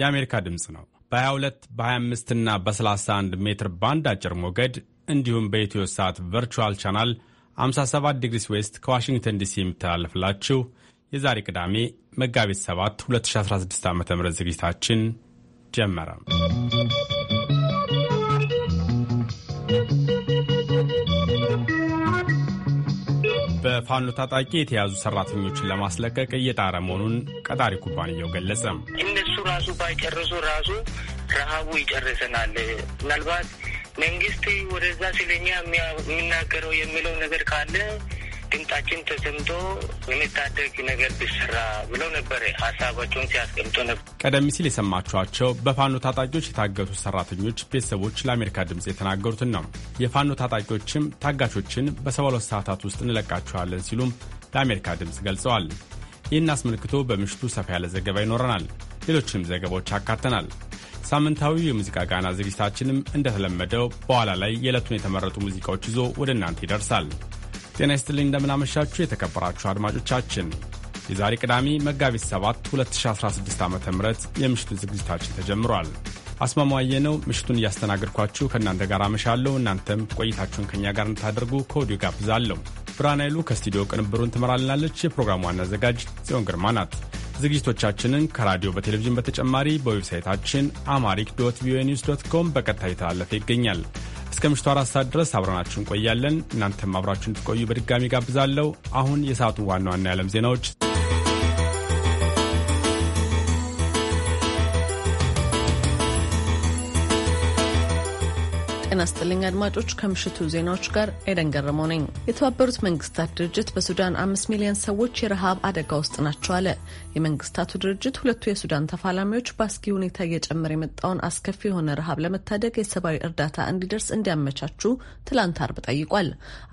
የአሜሪካ ድምፅ ነው። በ22 በ25 እና በ31 ሜትር ባንድ አጭር ሞገድ እንዲሁም በኢትዮ ሰዓት ቨርቹዋል ቻናል 57 ዲግሪስ ዌስት ከዋሽንግተን ዲሲ የሚተላለፍላችሁ የዛሬ ቅዳሜ መጋቢት 7 2016 ዓ ም ዝግጅታችን ጀመረ። በፋኖ ታጣቂ የተያዙ ሰራተኞችን ለማስለቀቅ እየጣረ መሆኑን ቀጣሪ ኩባንያው ገለጸ። እነሱ ራሱ ባይጨርሱ ራሱ ረሃቡ ይጨርሰናል። ምናልባት መንግስት ወደዛ ስለኛ የሚናገረው የሚለው ነገር ካለ ድምጣችን ተሰምቶ የሚታደግ ነገር ቢሰራ ብለው ነበር ሀሳባቸውን ሲያስቀምጡ ነበር። ቀደም ሲል የሰማችኋቸው በፋኖ ታጣቂዎች የታገቱ ሰራተኞች ቤተሰቦች ለአሜሪካ ድምፅ የተናገሩትን ነው። የፋኖ ታጣቂዎችም ታጋቾችን በሰባ ሁለት ሰዓታት ውስጥ እንለቃችኋለን ሲሉም ለአሜሪካ ድምፅ ገልጸዋል። ይህን አስመልክቶ በምሽቱ ሰፋ ያለ ዘገባ ይኖረናል። ሌሎችንም ዘገባዎች አካተናል። ሳምንታዊ የሙዚቃ ጋና ዝግጅታችንም እንደተለመደው በኋላ ላይ የዕለቱን የተመረጡ ሙዚቃዎች ይዞ ወደ እናንተ ይደርሳል። ጤና ይስጥልኝ እንደምናመሻችሁ የተከበራችሁ አድማጮቻችን የዛሬ ቅዳሜ መጋቢት 7 2016 ዓ ም የምሽቱ ዝግጅታችን ተጀምሯል። አስማማየ ነው ምሽቱን እያስተናገድኳችሁ ከእናንተ ጋር አመሻለሁ። እናንተም ቆይታችሁን ከእኛ ጋር እንድታደርጉ ከወዲሁ ጋብዛለሁ። ብርሃን ኃይሉ ከስቱዲዮ ቅንብሩን ትመራልናለች። የፕሮግራሙ ዋና አዘጋጅ ጽዮን ግርማ ናት። ዝግጅቶቻችንን ከራዲዮ በቴሌቪዥን በተጨማሪ በዌብሳይታችን አማሪክ ዶት ቪኦኤ ኒውስ ዶት ኮም በቀጥታ የተላለፈ ይገኛል። እስከ ምሽቱ አራት ሰዓት ድረስ አብረናችሁ እንቆያለን። እናንተም አብራችሁ እንድትቆዩ በድጋሚ ጋብዛለሁ። አሁን የሰዓቱን ዋና ዋና የዓለም ዜናዎች ጤና ስጥልኝ አድማጮች፣ ከምሽቱ ዜናዎች ጋር ኤደን ገረመው ነኝ። የተባበሩት መንግስታት ድርጅት በሱዳን አምስት ሚሊዮን ሰዎች የረሃብ አደጋ ውስጥ ናቸው አለ። የመንግስታቱ ድርጅት ሁለቱ የሱዳን ተፋላሚዎች በአስጊ ሁኔታ እየጨመረ የመጣውን አስከፊ የሆነ ረሃብ ለመታደግ የሰብአዊ እርዳታ እንዲደርስ እንዲያመቻቹ ትላንት አርብ ጠይቋል።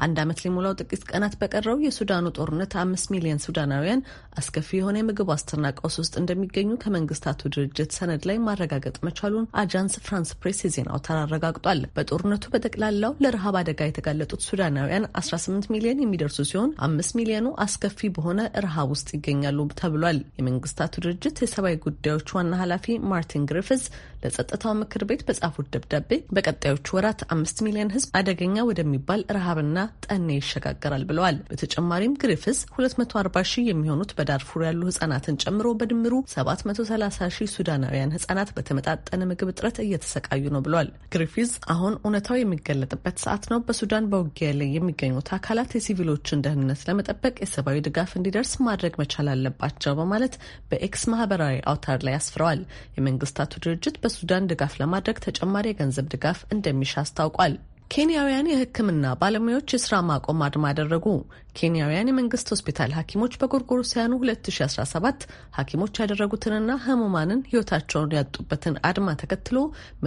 አንድ ዓመት ሊሞላው ጥቂት ቀናት በቀረው የሱዳኑ ጦርነት አምስት ሚሊዮን ሱዳናውያን አስከፊ የሆነ የምግብ ዋስትና ቀውስ ውስጥ እንደሚገኙ ከመንግስታቱ ድርጅት ሰነድ ላይ ማረጋገጥ መቻሉን አጃንስ ፍራንስ ፕሬስ የዜናው አውታር አረጋግጧል። በጦርነቱ በጠቅላላው ለረሃብ አደጋ የተጋለጡት ሱዳናውያን 18 ሚሊዮን የሚደርሱ ሲሆን አምስት ሚሊዮኑ አስከፊ በሆነ ረሃብ ውስጥ ይገኛሉ ተብሏል። የመንግስታቱ ድርጅት የሰብአዊ ጉዳዮች ዋና ኃላፊ ማርቲን ግሪፍዝ ለጸጥታው ምክር ቤት በጻፉት ደብዳቤ በቀጣዮቹ ወራት አምስት ሚሊዮን ህዝብ አደገኛ ወደሚባል ረሃብና ጠኔ ይሸጋገራል ብለዋል። በተጨማሪም ግሪፍስ 240 ሺህ የሚሆኑት በዳርፉር ያሉ ህጻናትን ጨምሮ በድምሩ 730 ሺህ ሱዳናውያን ህጻናት በተመጣጠነ ምግብ እጥረት እየተሰቃዩ ነው ብሏል። ግሪፊዝ አሁን እውነታው የሚገለጥበት ሰዓት ነው። በሱዳን በውጊያ ላይ የሚገኙት አካላት የሲቪሎችን ደህንነት ለመጠበቅ የሰብአዊ ድጋፍ እንዲደርስ ማድረግ መቻል አለባቸው በማለት በኤክስ ማህበራዊ አውታር ላይ አስፍረዋል። የመንግስታቱ ድርጅት በሱዳን ድጋፍ ለማድረግ ተጨማሪ የገንዘብ ድጋፍ እንደሚሻ አስታውቋል። ኬንያውያን የሕክምና ባለሙያዎች የስራ ማቆም አድማ አደረጉ። ኬንያውያን የመንግስት ሆስፒታል ሐኪሞች በጎርጎሮሳውያኑ 2017 ሐኪሞች ያደረጉትንና ህሙማንን ህይወታቸውን ያጡበትን አድማ ተከትሎ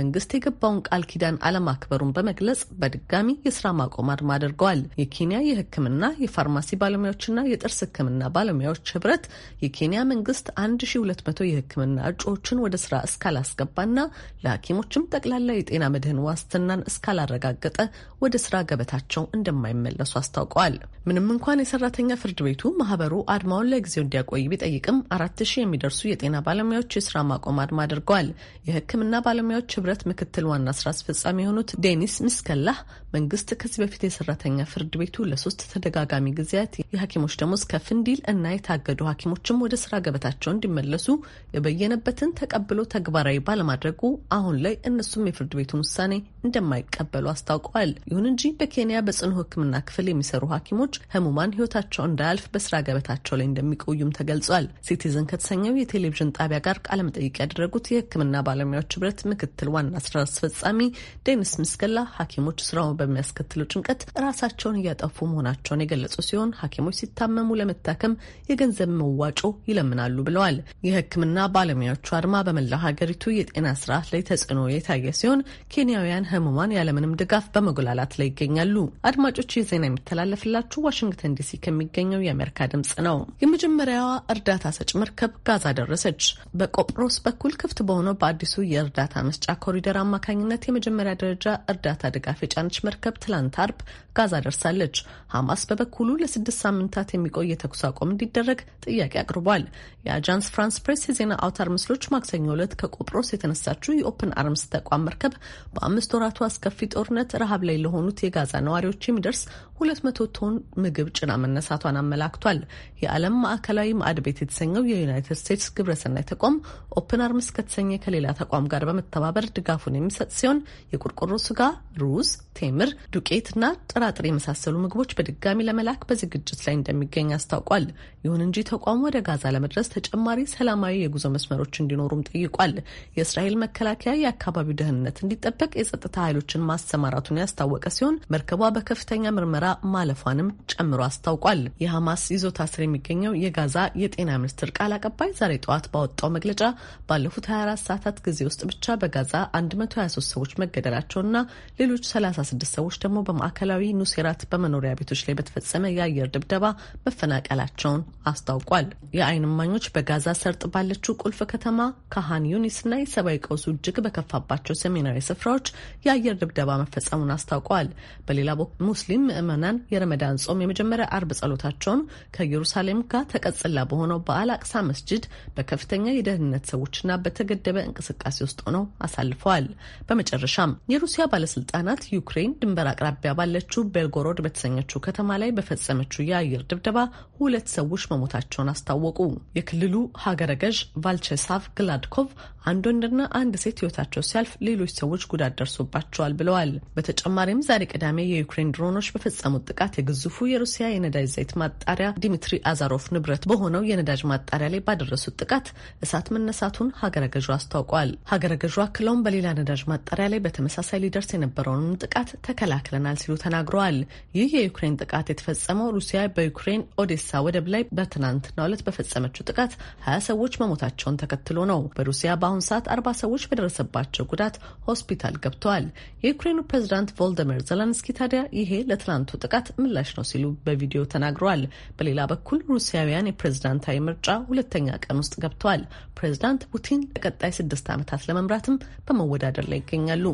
መንግስት የገባውን ቃል ኪዳን አለማክበሩን በመግለጽ በድጋሚ የስራ ማቆም አድማ አድርገዋል። የኬንያ የህክምና የፋርማሲ ባለሙያዎችና የጥርስ ህክምና ባለሙያዎች ህብረት የኬንያ መንግስት 1200 የህክምና እጩዎችን ወደ ስራ እስካላስገባና ለሐኪሞችም ጠቅላላ የጤና መድህን ዋስትናን እስካላረጋገጠ ወደ ስራ ገበታቸው እንደማይመለሱ አስታውቀዋል። ምንም እንኳን የሰራተኛ ፍርድ ቤቱ ማህበሩ አድማውን ለጊዜው እንዲያቆይ ቢጠይቅም አራት ሺህ የሚደርሱ የጤና ባለሙያዎች የስራ ማቆም አድማ አድርገዋል። የሕክምና ባለሙያዎች ህብረት ምክትል ዋና ስራ አስፈጻሚ የሆኑት ዴኒስ ምስከላህ መንግስት ከዚህ በፊት የሰራተኛ ፍርድ ቤቱ ለሶስት ተደጋጋሚ ጊዜያት የሐኪሞች ደሞዝ ከፍ እንዲል እና የታገዱ ሐኪሞችም ወደ ስራ ገበታቸው እንዲመለሱ የበየነበትን ተቀብሎ ተግባራዊ ባለማድረጉ አሁን ላይ እነሱም የፍርድ ቤቱን ውሳኔ እንደማይቀበሉ አስታውቀዋል። ይሁን እንጂ በኬንያ በጽኑ ሕክምና ክፍል የሚሰሩ ሐኪሞች ህሙማን ህይወታቸው እንዳያልፍ በስራ ገበታቸው ላይ እንደሚቆዩም ተገልጿል። ሲቲዝን ከተሰኘው የቴሌቪዥን ጣቢያ ጋር መጠይቅ ያደረጉት የህክምና ባለሙያዎች ህብረት ምክትል ዋና ስራ አስፈጻሚ ዴኒስ ምስገላ ሐኪሞች ስራውን በሚያስከትለው ጭንቀት ራሳቸውን እያጠፉ መሆናቸውን የገለጹ ሲሆን ሐኪሞች ሲታመሙ ለመታከም የገንዘብ መዋጮ ይለምናሉ ብለዋል። የህክምና ባለሙያዎቹ አድማ በመላው ሀገሪቱ የጤና ስርዓት ላይ ተጽዕኖ የታየ ሲሆን ኬንያውያን ህሙማን ያለምንም ድጋፍ በመጉላላት ላይ ይገኛሉ። አድማጮች ይህ ዜና የሚተላለፍላችሁ ዋሽንግተን ዲሲ ከሚገኘው የአሜሪካ ድምጽ ነው። የመጀመሪያዋ እርዳታ ሰጭ መርከብ ጋዛ ደረሰች። በቆጵሮስ በኩል ክፍት በሆነው በአዲሱ የእርዳታ መስጫ ኮሪደር አማካኝነት የመጀመሪያ ደረጃ እርዳታ ድጋፍ የጫነች መርከብ ትላንት አርብ ጋዛ ደርሳለች። ሐማስ በበኩሉ ለስድስት ሳምንታት የሚቆይ የተኩስ አቁም እንዲደረግ ጥያቄ አቅርቧል። የአጃንስ ፍራንስ ፕሬስ የዜና አውታር ምስሎች ማክሰኞ ዕለት ከቆጵሮስ የተነሳችው የኦፕን አርምስ ተቋም መርከብ በአምስት ወራቱ አስከፊ ጦርነት ረሃብ ላይ ለሆኑት የጋዛ ነዋሪዎች የሚደርስ 200 ቶን ምግብ ጭና መነሳቷን አመላክቷል። የዓለም ማዕከላዊ ማዕድ ቤት የተሰኘው የዩናይትድ ስቴትስ ግብረሰናይ ተቋም ኦፕን አርምስ ከተሰኘ ከሌላ ተቋም ጋር በመተባበር ድጋፉን የሚሰጥ ሲሆን የቆርቆሮ ስጋ፣ ሩዝ፣ ቴምር፣ ዱቄት እና ጥራጥሬ የመሳሰሉ ምግቦች በድጋሚ ለመላክ በዝግጅት ላይ እንደሚገኝ አስታውቋል። ይሁን እንጂ ተቋሙ ወደ ጋዛ ለመድረስ ተጨማሪ ሰላማዊ የጉዞ መስመሮች እንዲኖሩም ጠይቋል። የእስራኤል መከላከያ የአካባቢው ደህንነት እንዲጠበቅ የጸጥታ ኃይሎችን ማሰማራቱን ያስታወቀ ሲሆን መርከቧ በከፍተኛ ምርመራ ማለፏንም ጨምሮ አስታውቋል። የሐማስ ይዞታ ስር የሚገኘው የጋዛ የጤና ሚኒስትር ቃል አቀባይ ዛሬ ጠዋት ባወጣው መግለጫ ባለፉት 24 ሰዓታት ጊዜ ውስጥ ብቻ በጋዛ 123 ሰዎች መገደላቸውና ሌሎች 36 ሰዎች ደግሞ በማዕከላዊ ኑሴራት በመኖሪያ ቤቶች ላይ በተፈጸመ የአየር ድብደባ መፈናቀላቸውን አስታውቋል። የአይን እማኞች በጋዛ ሰርጥ ባለችው ቁልፍ ከተማ ካሃን ዩኒስና የሰብአዊ ቀውሱ እጅግ በከፋባቸው ሰሜናዊ ስፍራዎች የአየር ድብደባ መፈጸሙን አስታውቋል። በሌላ በኩል ሙስሊም ምዕመ ምዕመናን የረመዳን ጾም የመጀመሪያ አርብ ጸሎታቸውን ከኢየሩሳሌም ጋር ተቀጽላ በሆነው በአል አቅሳ መስጅድ በከፍተኛ የደህንነት ሰዎችና በተገደበ እንቅስቃሴ ውስጥ ሆነው አሳልፈዋል። በመጨረሻም የሩሲያ ባለስልጣናት ዩክሬን ድንበር አቅራቢያ ባለችው ቤልጎሮድ በተሰኘችው ከተማ ላይ በፈጸመችው የአየር ድብደባ ሁለት ሰዎች መሞታቸውን አስታወቁ። የክልሉ ሀገረ ገዥ ቫልቸሳቭ ግላድኮቭ አንድ ወንድና አንድ ሴት ህይወታቸው ሲያልፍ ሌሎች ሰዎች ጉዳት ደርሶባቸዋል ብለዋል። በተጨማሪም ዛሬ ቅዳሜ የዩክሬን ድሮኖች በፈጸሙት ጥቃት የግዙፉ የሩሲያ የነዳጅ ዘይት ማጣሪያ ዲሚትሪ አዛሮፍ ንብረት በሆነው የነዳጅ ማጣሪያ ላይ ባደረሱት ጥቃት እሳት መነሳቱን ሀገረ ገዥ አስታውቋል። ሀገረ ገዥ አክለውም በሌላ ነዳጅ ማጣሪያ ላይ በተመሳሳይ ሊደርስ የነበረውንም ጥቃት ተከላክለናል ሲሉ ተናግረዋል። ይህ የዩክሬን ጥቃት የተፈጸመው ሩሲያ በዩክሬን ኦዴሳ ወደብ ላይ በትናንትናው ዕለት በፈጸመችው ጥቃት ሀያ ሰዎች መሞታቸውን ተከትሎ ነው። በሩሲያ በአሁኑ ሰዓት አርባ ሰዎች በደረሰባቸው ጉዳት ሆስፒታል ገብተዋል። የዩክሬኑ ፕሬዚዳንት ቮልደሚር ዘለንስኪ ታዲያ ይሄ ለትላንቱ ጥቃት ምላሽ ነው ሲሉ በቪዲዮ ተናግረዋል። በሌላ በኩል ሩሲያውያን የፕሬዝዳንታዊ ምርጫ ሁለተኛ ቀን ውስጥ ገብተዋል። ፕሬዚዳንት ፑቲን ለቀጣይ ስድስት ዓመታት ለመምራትም በመወዳደር ላይ ይገኛሉ።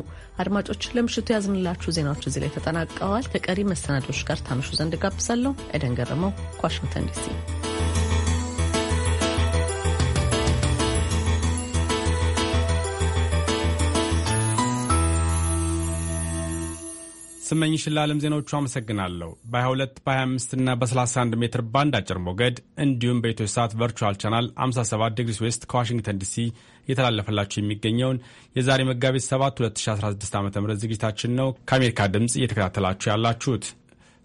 አድማጮች ለምሽቱ ያዝንላችሁ ዜናዎች እዚህ ላይ ተጠናቀዋል። ከቀሪ መሰናዶች ጋር ታምሹ ዘንድ ጋብዛለሁ። ኤደን ገረመው ከዋሽንግተን ዲሲ ስመኝሽን ለዓለም ዜናዎቹ አመሰግናለሁ። በ22 በ25 እና በ31 ሜትር ባንድ አጭር ሞገድ እንዲሁም በኢትዮ ሰዓት ቨርቹዋል ቻናል 57 ዲግሪስ ዌስት ከዋሽንግተን ዲሲ እየተላለፈላችሁ የሚገኘውን የዛሬ መጋቢት 7 2016 ዓ ም ዝግጅታችን ነው ከአሜሪካ ድምፅ እየተከታተላችሁ ያላችሁት።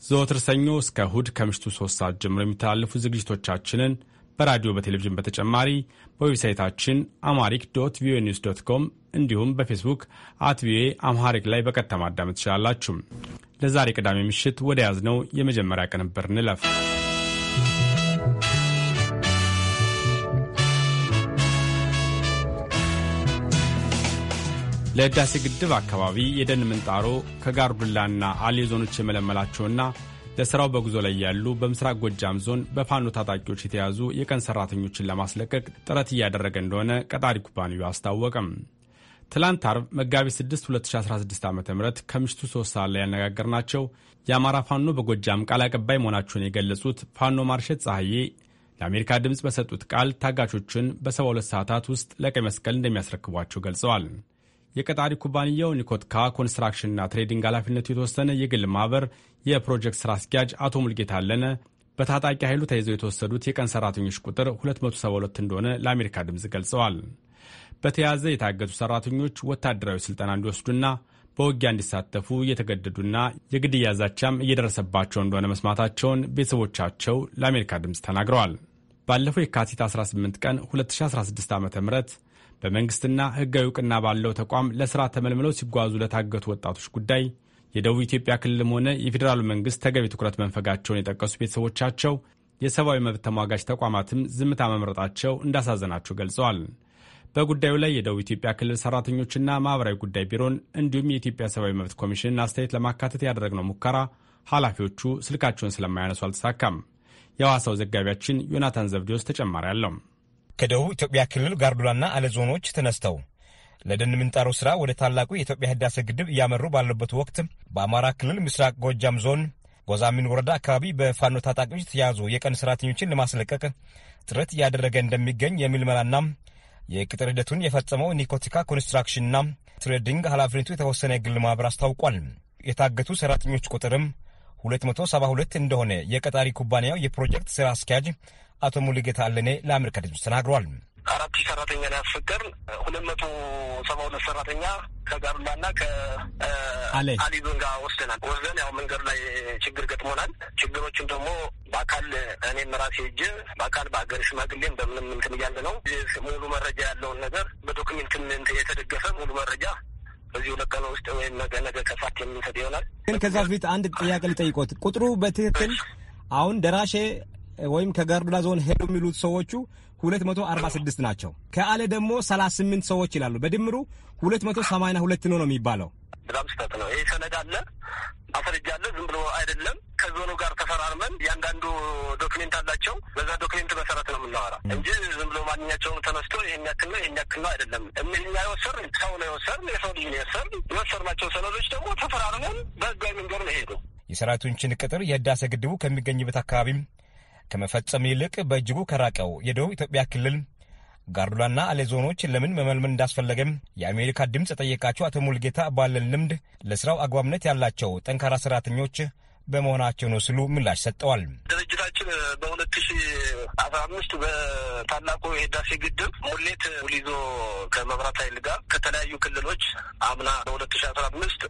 ዘወትር ሰኞ እስከ እሁድ ከምሽቱ 3 ሰዓት ጀምሮ የሚተላለፉ ዝግጅቶቻችንን በራዲዮ በቴሌቪዥን በተጨማሪ በዌብሳይታችን አማሪክ ዶት ቪኦኤ ኒውስ ዶት ኮም እንዲሁም በፌስቡክ አት ቪኦኤ አምሃሪክ ላይ በቀጥታ ማዳመጥ ትችላላችሁ። ለዛሬ ቅዳሜ ምሽት ወደ ያዝነው የመጀመሪያ ቅንብር እንለፍ። ለህዳሴ ግድብ አካባቢ የደን ምንጣሮ ከጋርዱላና አሌ ዞኖች የመለመላቸውና ለስራው በጉዞ ላይ ያሉ በምስራቅ ጎጃም ዞን በፋኖ ታጣቂዎች የተያዙ የቀን ሰራተኞችን ለማስለቀቅ ጥረት እያደረገ እንደሆነ ቀጣሪ ኩባንያው አስታወቀም። ትላንት አርብ መጋቢት 6 2016 ዓ ም ከምሽቱ 3 ሰዓት ላይ ያነጋገርናቸው የአማራ ፋኖ በጎጃም ቃል አቀባይ መሆናቸውን የገለጹት ፋኖ ማርሸት ፀሐዬ ለአሜሪካ ድምፅ በሰጡት ቃል ታጋቾችን በ72 ሰዓታት ውስጥ ለቀይ መስቀል እንደሚያስረክቧቸው ገልጸዋል። የቀጣሪ ኩባንያው ኒኮትካ ኮንስትራክሽንና ትሬዲንግ ኃላፊነቱ የተወሰነ የግል ማህበር የፕሮጀክት ስራ አስኪያጅ አቶ ሙልጌታ አለነ በታጣቂ ኃይሉ ተይዘው የተወሰዱት የቀን ሰራተኞች ቁጥር 272 እንደሆነ ለአሜሪካ ድምፅ ገልጸዋል። በተያዘ የታገቱ ሰራተኞች ወታደራዊ ስልጠና እንዲወስዱና በውጊያ እንዲሳተፉ እየተገደዱና የግድያ ዛቻም እየደረሰባቸው እንደሆነ መስማታቸውን ቤተሰቦቻቸው ለአሜሪካ ድምፅ ተናግረዋል። ባለፈው የካቲት 18 ቀን 2016 ዓ ም በመንግሥትና ሕጋዊ እውቅና ባለው ተቋም ለሥራ ተመልምለው ሲጓዙ ለታገቱ ወጣቶች ጉዳይ የደቡብ ኢትዮጵያ ክልልም ሆነ የፌዴራሉ መንግስት ተገቢ ትኩረት መንፈጋቸውን የጠቀሱ ቤተሰቦቻቸው የሰብአዊ መብት ተሟጋች ተቋማትም ዝምታ መምረጣቸው እንዳሳዘናቸው ገልጸዋል። በጉዳዩ ላይ የደቡብ ኢትዮጵያ ክልል ሰራተኞችና ማህበራዊ ጉዳይ ቢሮን እንዲሁም የኢትዮጵያ ሰብአዊ መብት ኮሚሽንን አስተያየት ለማካተት ያደረግነው ሙከራ ኃላፊዎቹ ስልካቸውን ስለማያነሱ አልተሳካም። የሐዋሳው ዘጋቢያችን ዮናታን ዘብዴዎስ ተጨማሪ አለው። ከደቡብ ኢትዮጵያ ክልል ጋርዱላና አለ ዞኖች ተነስተው ለደን ምንጣሮ ስራ ወደ ታላቁ የኢትዮጵያ ህዳሴ ግድብ እያመሩ ባለበት ወቅት በአማራ ክልል ምስራቅ ጎጃም ዞን ጎዛሚን ወረዳ አካባቢ በፋኖ ታጣቂዎች የተያዙ የቀን ሰራተኞችን ለማስለቀቅ ጥረት እያደረገ እንደሚገኝ የምልመላና የቅጥር ሂደቱን የፈጸመው ኒኮቲካ ኮንስትራክሽንና ትሬዲንግ ኃላፊነቱ የተወሰነ የግል ማህበር አስታውቋል። የታገቱ ሰራተኞች ቁጥርም 272 እንደሆነ የቀጣሪ ኩባንያው የፕሮጀክት ስራ አስኪያጅ አቶ ሙሉጌታ አለኔ ለአሜሪካ ድምፅ ተናግሯል። አራት ሺህ ሰራተኛ ነው ያስፈቀርን። ሁለት መቶ ሰባ ሁለት ሰራተኛ ከጋርላና ከአሊ ዞን ወስደናል። ወስደን ያው መንገድ ላይ ችግር ገጥሞናል። ችግሮችን ደግሞ በአካል እኔም ራሴ እጅ በአካል በሀገር ሽማግሌም በምንም እንትን እያለ ነው ሙሉ መረጃ ያለውን ነገር በዶክሜንት የተደገፈ ሙሉ መረጃ በዚህ ሁለት ቀን ውስጥ ወይም ነገ ነገ ከፋት የምንሰጥ ይሆናል። ግን ከዛ በፊት አንድ ጥያቄ ልጠይቆት፣ ቁጥሩ በትክክል አሁን ደራሼ ወይም ከጋርዱላ ዞን ሄዱ የሚሉት ሰዎቹ 246 ናቸው። ከአለ ደግሞ 38 ሰዎች ይላሉ። በድምሩ 282 ነው ነው የሚባለው። በጣም ስህተት ነው። ይህ ሰነድ አለ፣ ማስረጃ አለ። ዝም ብሎ አይደለም። ከዞኑ ጋር ተፈራርመን እያንዳንዱ ዶክሜንት አላቸው። በዛ ዶክሜንት መሰረት ነው የምናወራ እንጂ ዝም ብሎ ማንኛቸውም ተነስቶ ይህን ያክል ነው ይህን ያክል ነው አይደለም። እኛ የወሰር ሰው ነው የወሰር የሰው ልጅ ነው የወሰር የወሰርናቸው ሰነዶች ደግሞ ተፈራርመን በህጋዊ መንገድ ነው የሄዱ የሰራዊቶችን ቅጥር የህዳሴ ግድቡ ከሚገኝበት አካባቢም ከመፈጸም ይልቅ በእጅጉ ከራቀው የደቡብ ኢትዮጵያ ክልል ጋርዱላና አሌ ዞኖች ለምን መመልመል እንዳስፈለገም የአሜሪካ ድምፅ የጠየቃቸው አቶ ሙልጌታ ባለን ልምድ ለስራው አግባብነት ያላቸው ጠንካራ ሰራተኞች በመሆናቸው ነው ሲሉ ምላሽ ሰጠዋል። ድርጅታችን በሁለት ሺ አስራ አምስት በታላቁ የህዳሴ ግድብ ሙሌት ውል ከመብራት ኃይል ጋር ከተለያዩ ክልሎች አምና በሁለት ሺ አስራ አምስት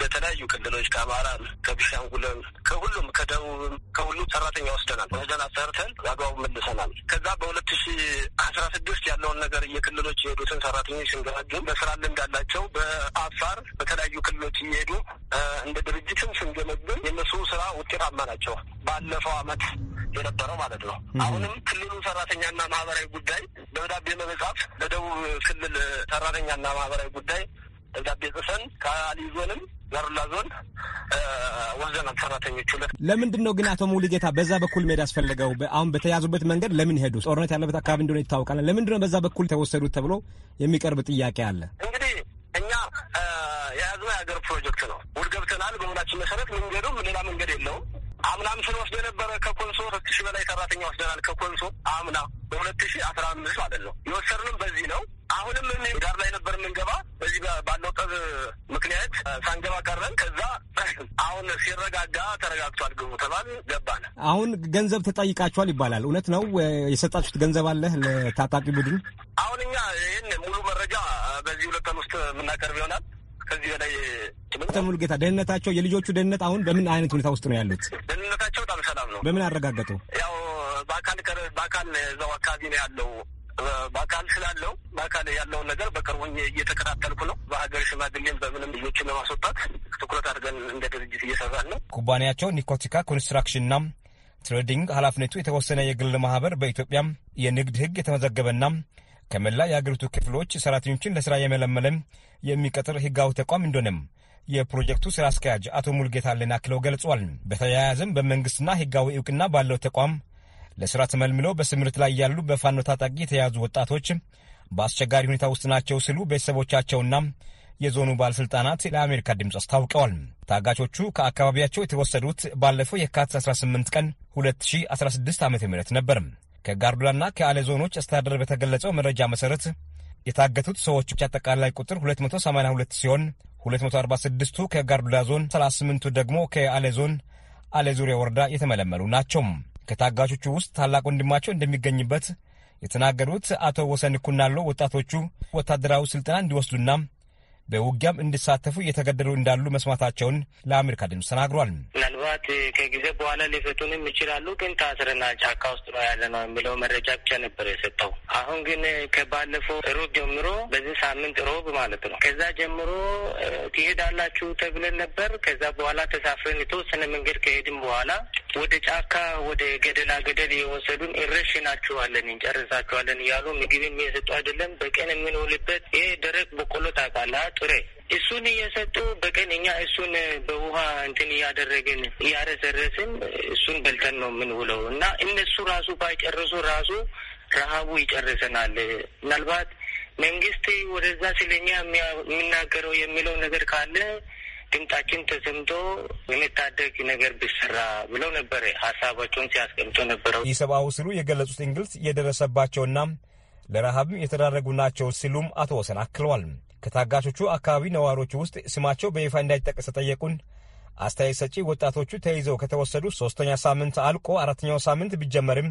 በተለያዩ ክልሎች ከአማራ ከቢሻንጉለን፣ ከሁሉም ከደቡብም ከሁሉም ሰራተኛ ወስደናል ወስደን አሰርተን አግባቡ መልሰናል። ከዛ በሁለት ሺ አስራ ስድስት ያለውን ነገር የክልሎች የሄዱትን ሰራተኞች ስንገመግም በስራ ልምድ አላቸው። በአፋር በተለያዩ ክልሎች እየሄዱ እንደ ድርጅትም ስንገመግም የእነሱ ስራ ውጤታማ ናቸው። ባለፈው አመት የነበረው ማለት ነው። አሁንም ክልሉ ሰራተኛና ማህበራዊ ጉዳይ ደብዳቤ መጻፍ ለደቡብ ክልል ሰራተኛና ማህበራዊ ጉዳይ ደብዳቤ ጽፈን ከአሊ ዞንም ጋሩላ ዞን ወዘናም ሰራተኞች ሁለት። ለምንድን ነው ግን አቶ ሙሉጌታ በዛ በኩል መሄድ ያስፈለገው? አሁን በተያዙበት መንገድ ለምን ሄዱ? ጦርነት ያለበት አካባቢ እንደሆነ ይታወቃል። ለምንድን ነው በዛ በኩል ተወሰዱት ተብሎ የሚቀርብ ጥያቄ አለ። እንግዲህ እኛ የያዝነው የሀገር ፕሮጀክት ነው። ውድ ገብተናል። በሆናችን መሰረት መንገዱም ሌላ መንገድ የለውም አምናም ስንወስድ የነበረ ከኮንሶ ሁለት ሺህ በላይ ሰራተኛ ወስደናል። ከኮንሶ አምና በሁለት ሺህ አስራ አምስት ማለት ነው የወሰድንም በዚህ ነው። አሁንም ዳር ላይ ነበር የምንገባ በዚህ ባለው ጠብ ምክንያት ሳንገባ ቀረን። ከዛ አሁን ሲረጋጋ ተረጋግቷል ግቡ ተባል ገባን። አሁን ገንዘብ ተጠይቃችኋል ይባላል። እውነት ነው? የሰጣችሁት ገንዘብ አለ ለታጣቂ ቡድን? አሁን እኛ ይህን ሙሉ መረጃ በዚህ ሁለት ቀን ውስጥ የምናቀርብ ይሆናል። ከዚህ በላይ ሙልጌታ፣ ደህንነታቸው የልጆቹ ደህንነት አሁን በምን አይነት ሁኔታ ውስጥ ነው ያሉት? ደህንነታቸው በጣም ሰላም ነው። በምን አረጋገጡ? ያው በአካል በአካል እዛው አካባቢ ነው ያለው በአካል ስላለው በአካል ያለውን ነገር በቅርቡ እየተከታተልኩ ነው። በሀገር ሽማግሌም በምንም ልጆችን ለማስወጣት ትኩረት አድርገን እንደ ድርጅት እየሰራን ነው። ኩባንያቸው ኒኮቲካ ኮንስትራክሽንና ትሬዲንግ ኃላፊነቱ የተወሰነ የግል ማህበር በኢትዮጵያ የንግድ ህግ የተመዘገበና ከመላ የአገሪቱ ክፍሎች ሰራተኞችን ለስራ የመለመለም የሚቀጥር ህጋዊ ተቋም እንደሆነም የፕሮጀክቱ ስራ አስኪያጅ አቶ ሙልጌታ አክለው ገልጿል። በተያያዘም በመንግስትና ህጋዊ እውቅና ባለው ተቋም ለስራ ተመልምለው በስምርት ላይ ያሉ በፋኖ ታጣቂ የተያዙ ወጣቶች በአስቸጋሪ ሁኔታ ውስጥ ናቸው ሲሉ ቤተሰቦቻቸውና የዞኑ ባለሥልጣናት ለአሜሪካ ድምፅ አስታውቀዋል። ታጋቾቹ ከአካባቢያቸው የተወሰዱት ባለፈው የካቲት 18 ቀን 2016 ዓ ም ነበር። ከጋርዱላና ከአሌ ዞኖች አስተዳደር በተገለጸው መረጃ መሰረት የታገቱት ሰዎች አጠቃላይ ቁጥር 282 ሲሆን 246ቱ ከጋርዱላ ዞን፣ 38ቱ ደግሞ ከአሌ ዞን አሌ ዙሪያ ወረዳ የተመለመሉ ናቸው። ከታጋቾቹ ውስጥ ታላቅ ወንድማቸው እንደሚገኝበት የተናገሩት አቶ ወሰን ኩናሎ ወጣቶቹ ወታደራዊ ስልጠና እንዲወስዱና በውጊያም እንዲሳተፉ እየተገደዱ እንዳሉ መስማታቸውን ለአሜሪካ ድምፅ ተናግሯል። ምናልባት ከጊዜ በኋላ ሊፈቱንም ይችላሉ፣ ግን ታስረና ጫካ ውስጥ ነው ያለ ነው የሚለው መረጃ ብቻ ነበር የሰጠው። አሁን ግን ከባለፈው ሮብ ጀምሮ በዚህ ሳምንት ሮብ ማለት ነው ከዛ ጀምሮ ትሄዳላችሁ ተብለን ነበር። ከዛ በኋላ ተሳፍረን የተወሰነ መንገድ ከሄድም በኋላ ወደ ጫካ ወደ ገደላ ገደል የወሰዱን እረሽ ናችኋለን እንጨርሳችኋለን እያሉ ምግብም እየሰጡ አይደለም። በቀን የምንውልበት ይህ ደረቅ በቆሎ ታውቃለህ ጥሬ እሱን እየሰጡ በቀን እኛ እሱን በውሃ እንትን እያደረግን እያረሰረስን እሱን በልተን ነው የምንውለው እና እነሱ ራሱ ባይጨርሱ ራሱ ረሃቡ ይጨርሰናል። ምናልባት መንግስት ወደዛ ስለኛ የሚናገረው የሚለው ነገር ካለ ድምጣችን ተሰምቶ የሚታደግ ነገር ቢሰራ ብለው ነበር ሀሳባቸውን ሲያስቀምጦ ነበረው። ኢሰብአዊ ሲሉ የገለጹት እንግልት የደረሰባቸውና ለረሃብም የተዳረጉ ናቸው ሲሉም አቶ ወሰን አክለዋል። ከታጋቾቹ አካባቢ ነዋሪዎች ውስጥ ስማቸው በይፋ እንዳይጠቀስ ጠየቁን አስተያየት ሰጪ ወጣቶቹ ተይዘው ከተወሰዱ ሶስተኛ ሳምንት አልቆ አራተኛው ሳምንት ቢጀመርም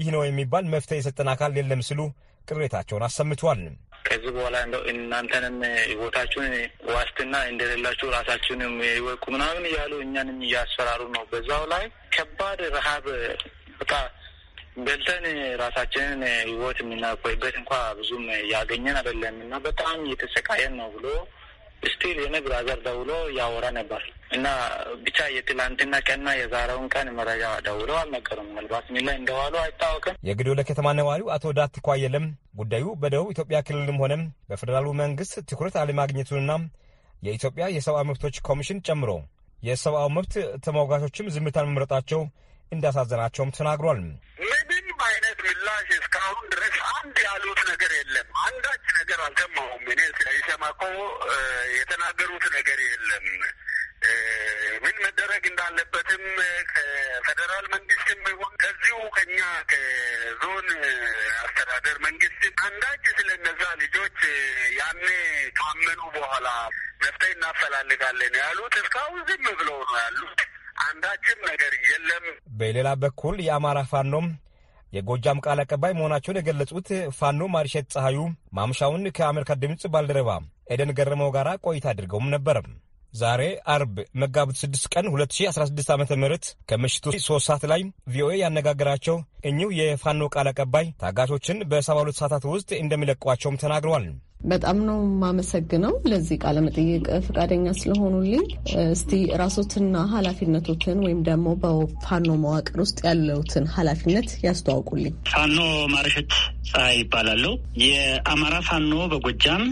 ይህ ነው የሚባል መፍትሄ የሰጠን አካል የለም ሲሉ ቅሬታቸውን አሰምቷል። ከዚህ በኋላ እንደው እናንተንም ህይወታችሁን ዋስትና እንደሌላችሁ ራሳችሁንም ይወቁ ምናምን እያሉ እኛንም እያስፈራሩ ነው። በዛው ላይ ከባድ ረሀብ በቃ በልተን ራሳችንን ህይወት የምናቆይበት እንኳ ብዙም ያገኘን አይደለም እና በጣም እየተሰቃየን ነው ብሎ ስቲል የንግድ ሀገር ደውሎ ያወራ ነበር እና ብቻ የትላንትና ቀንና የዛሬውን ቀን መረጃ ደውሎ አልነገሩም። ምናልባት ሚል ላይ እንደዋሉ አይታወቅም። የግዶለ ከተማ ነዋሪው አቶ ዳት ኳየለም ጉዳዩ በደቡብ ኢትዮጵያ ክልልም ሆነም በፌዴራሉ መንግስት ትኩረት አለማግኘቱንና የኢትዮጵያ የሰብአዊ መብቶች ኮሚሽን ጨምሮ የሰብአዊ መብት ተሟጋቾችም ዝምታን መምረጣቸው እንዳሳዘናቸውም ተናግሯል። ምንም አይነት ምላሽ እስካሁን ድረስ አንድ ያሉት ነገር የለም። አንዳች ነገር አልሰማሁም። እኔ ይሰማ የተናገሩት ነገር የለም። ምን መደረግ እንዳለበትም ከፌደራል መንግስትም ይሁን ከዚሁ ከኛ ከዞን አስተዳደር መንግስትም አንዳች ስለነዛ ልጆች ያኔ ካመኑ በኋላ መፍትሄ እናፈላልጋለን ያሉት እስካሁን ዝም ብለው ነው ያሉት። አንዳችም ነገር የለም። በሌላ በኩል የአማራ ፋኖም የጎጃም ቃል አቀባይ መሆናቸውን የገለጹት ፋኖ ማርሸት ፀሐዩ ማምሻውን ከአሜሪካ ድምፅ ባልደረባ ኤደን ገረመው ጋር ቆይታ አድርገውም ነበር። ዛሬ አርብ መጋቢት 6 ቀን 2016 ዓ ም ከምሽቱ 3 ሰዓት ላይ ቪኦኤ ያነጋገራቸው እኚሁ የፋኖ ቃል አቀባይ ታጋቾችን በ72 ሰዓታት ውስጥ እንደሚለቋቸውም ተናግረዋል። በጣም ነው የማመሰግነው ለዚህ ቃለ መጠየቅ ፈቃደኛ ስለሆኑልኝ። እስቲ ራሶትና ኃላፊነቶትን ወይም ደግሞ በፋኖ መዋቅር ውስጥ ያለውትን ኃላፊነት ያስተዋውቁልኝ። ፋኖ ማርሸት ፀሐይ ይባላለሁ። የአማራ ፋኖ በጎጃም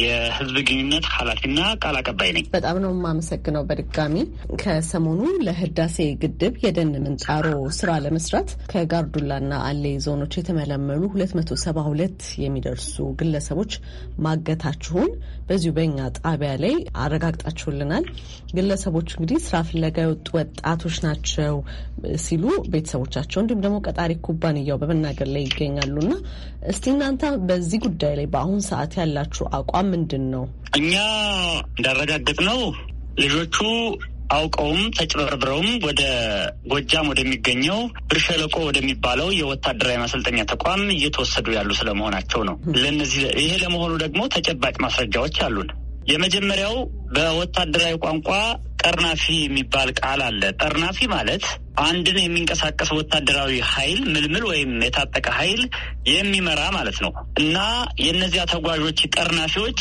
የህዝብ ግንኙነት ኃላፊና ቃል አቀባይ ነኝ። በጣም ነው የማመሰግነው። በድጋሚ ከሰሞኑ ለህዳሴ ግድብ የደን ምንጣሮ ስራ ለመስራት ከጋርዱላና አሌ ዞኖች የተመለመሉ ሁለት የሚደርሱ ግለሰቦች ማገታችሁን በዚሁ በኛ ጣቢያ ላይ አረጋግጣችሁልናል። ግለሰቦች እንግዲህ ስራ ፍለጋ የወጡ ወጣቶች ናቸው ሲሉ ቤተሰቦቻቸው እንዲሁም ደግሞ ቀጣሪ ኩባንያው በመናገር ላይ ይገኛሉና እስቲ እናንተ በዚህ ጉዳይ ላይ በአሁን ሰዓት ያላችሁ አቋም ምንድን ነው? እኛ እንዳረጋገጥ ነው ልጆቹ አውቀውም ተጭበርብረውም ወደ ጎጃም ወደሚገኘው ብር ሸለቆ ወደሚባለው የወታደራዊ ማሰልጠኛ ተቋም እየተወሰዱ ያሉ ስለመሆናቸው ነው። ለነዚህ ይሄ ለመሆኑ ደግሞ ተጨባጭ ማስረጃዎች አሉን። የመጀመሪያው በወታደራዊ ቋንቋ ጠርናፊ የሚባል ቃል አለ። ጠርናፊ ማለት አንድን የሚንቀሳቀስ ወታደራዊ ኃይል ምልምል ወይም የታጠቀ ኃይል የሚመራ ማለት ነው እና የእነዚያ ተጓዦች ጠርናፊዎች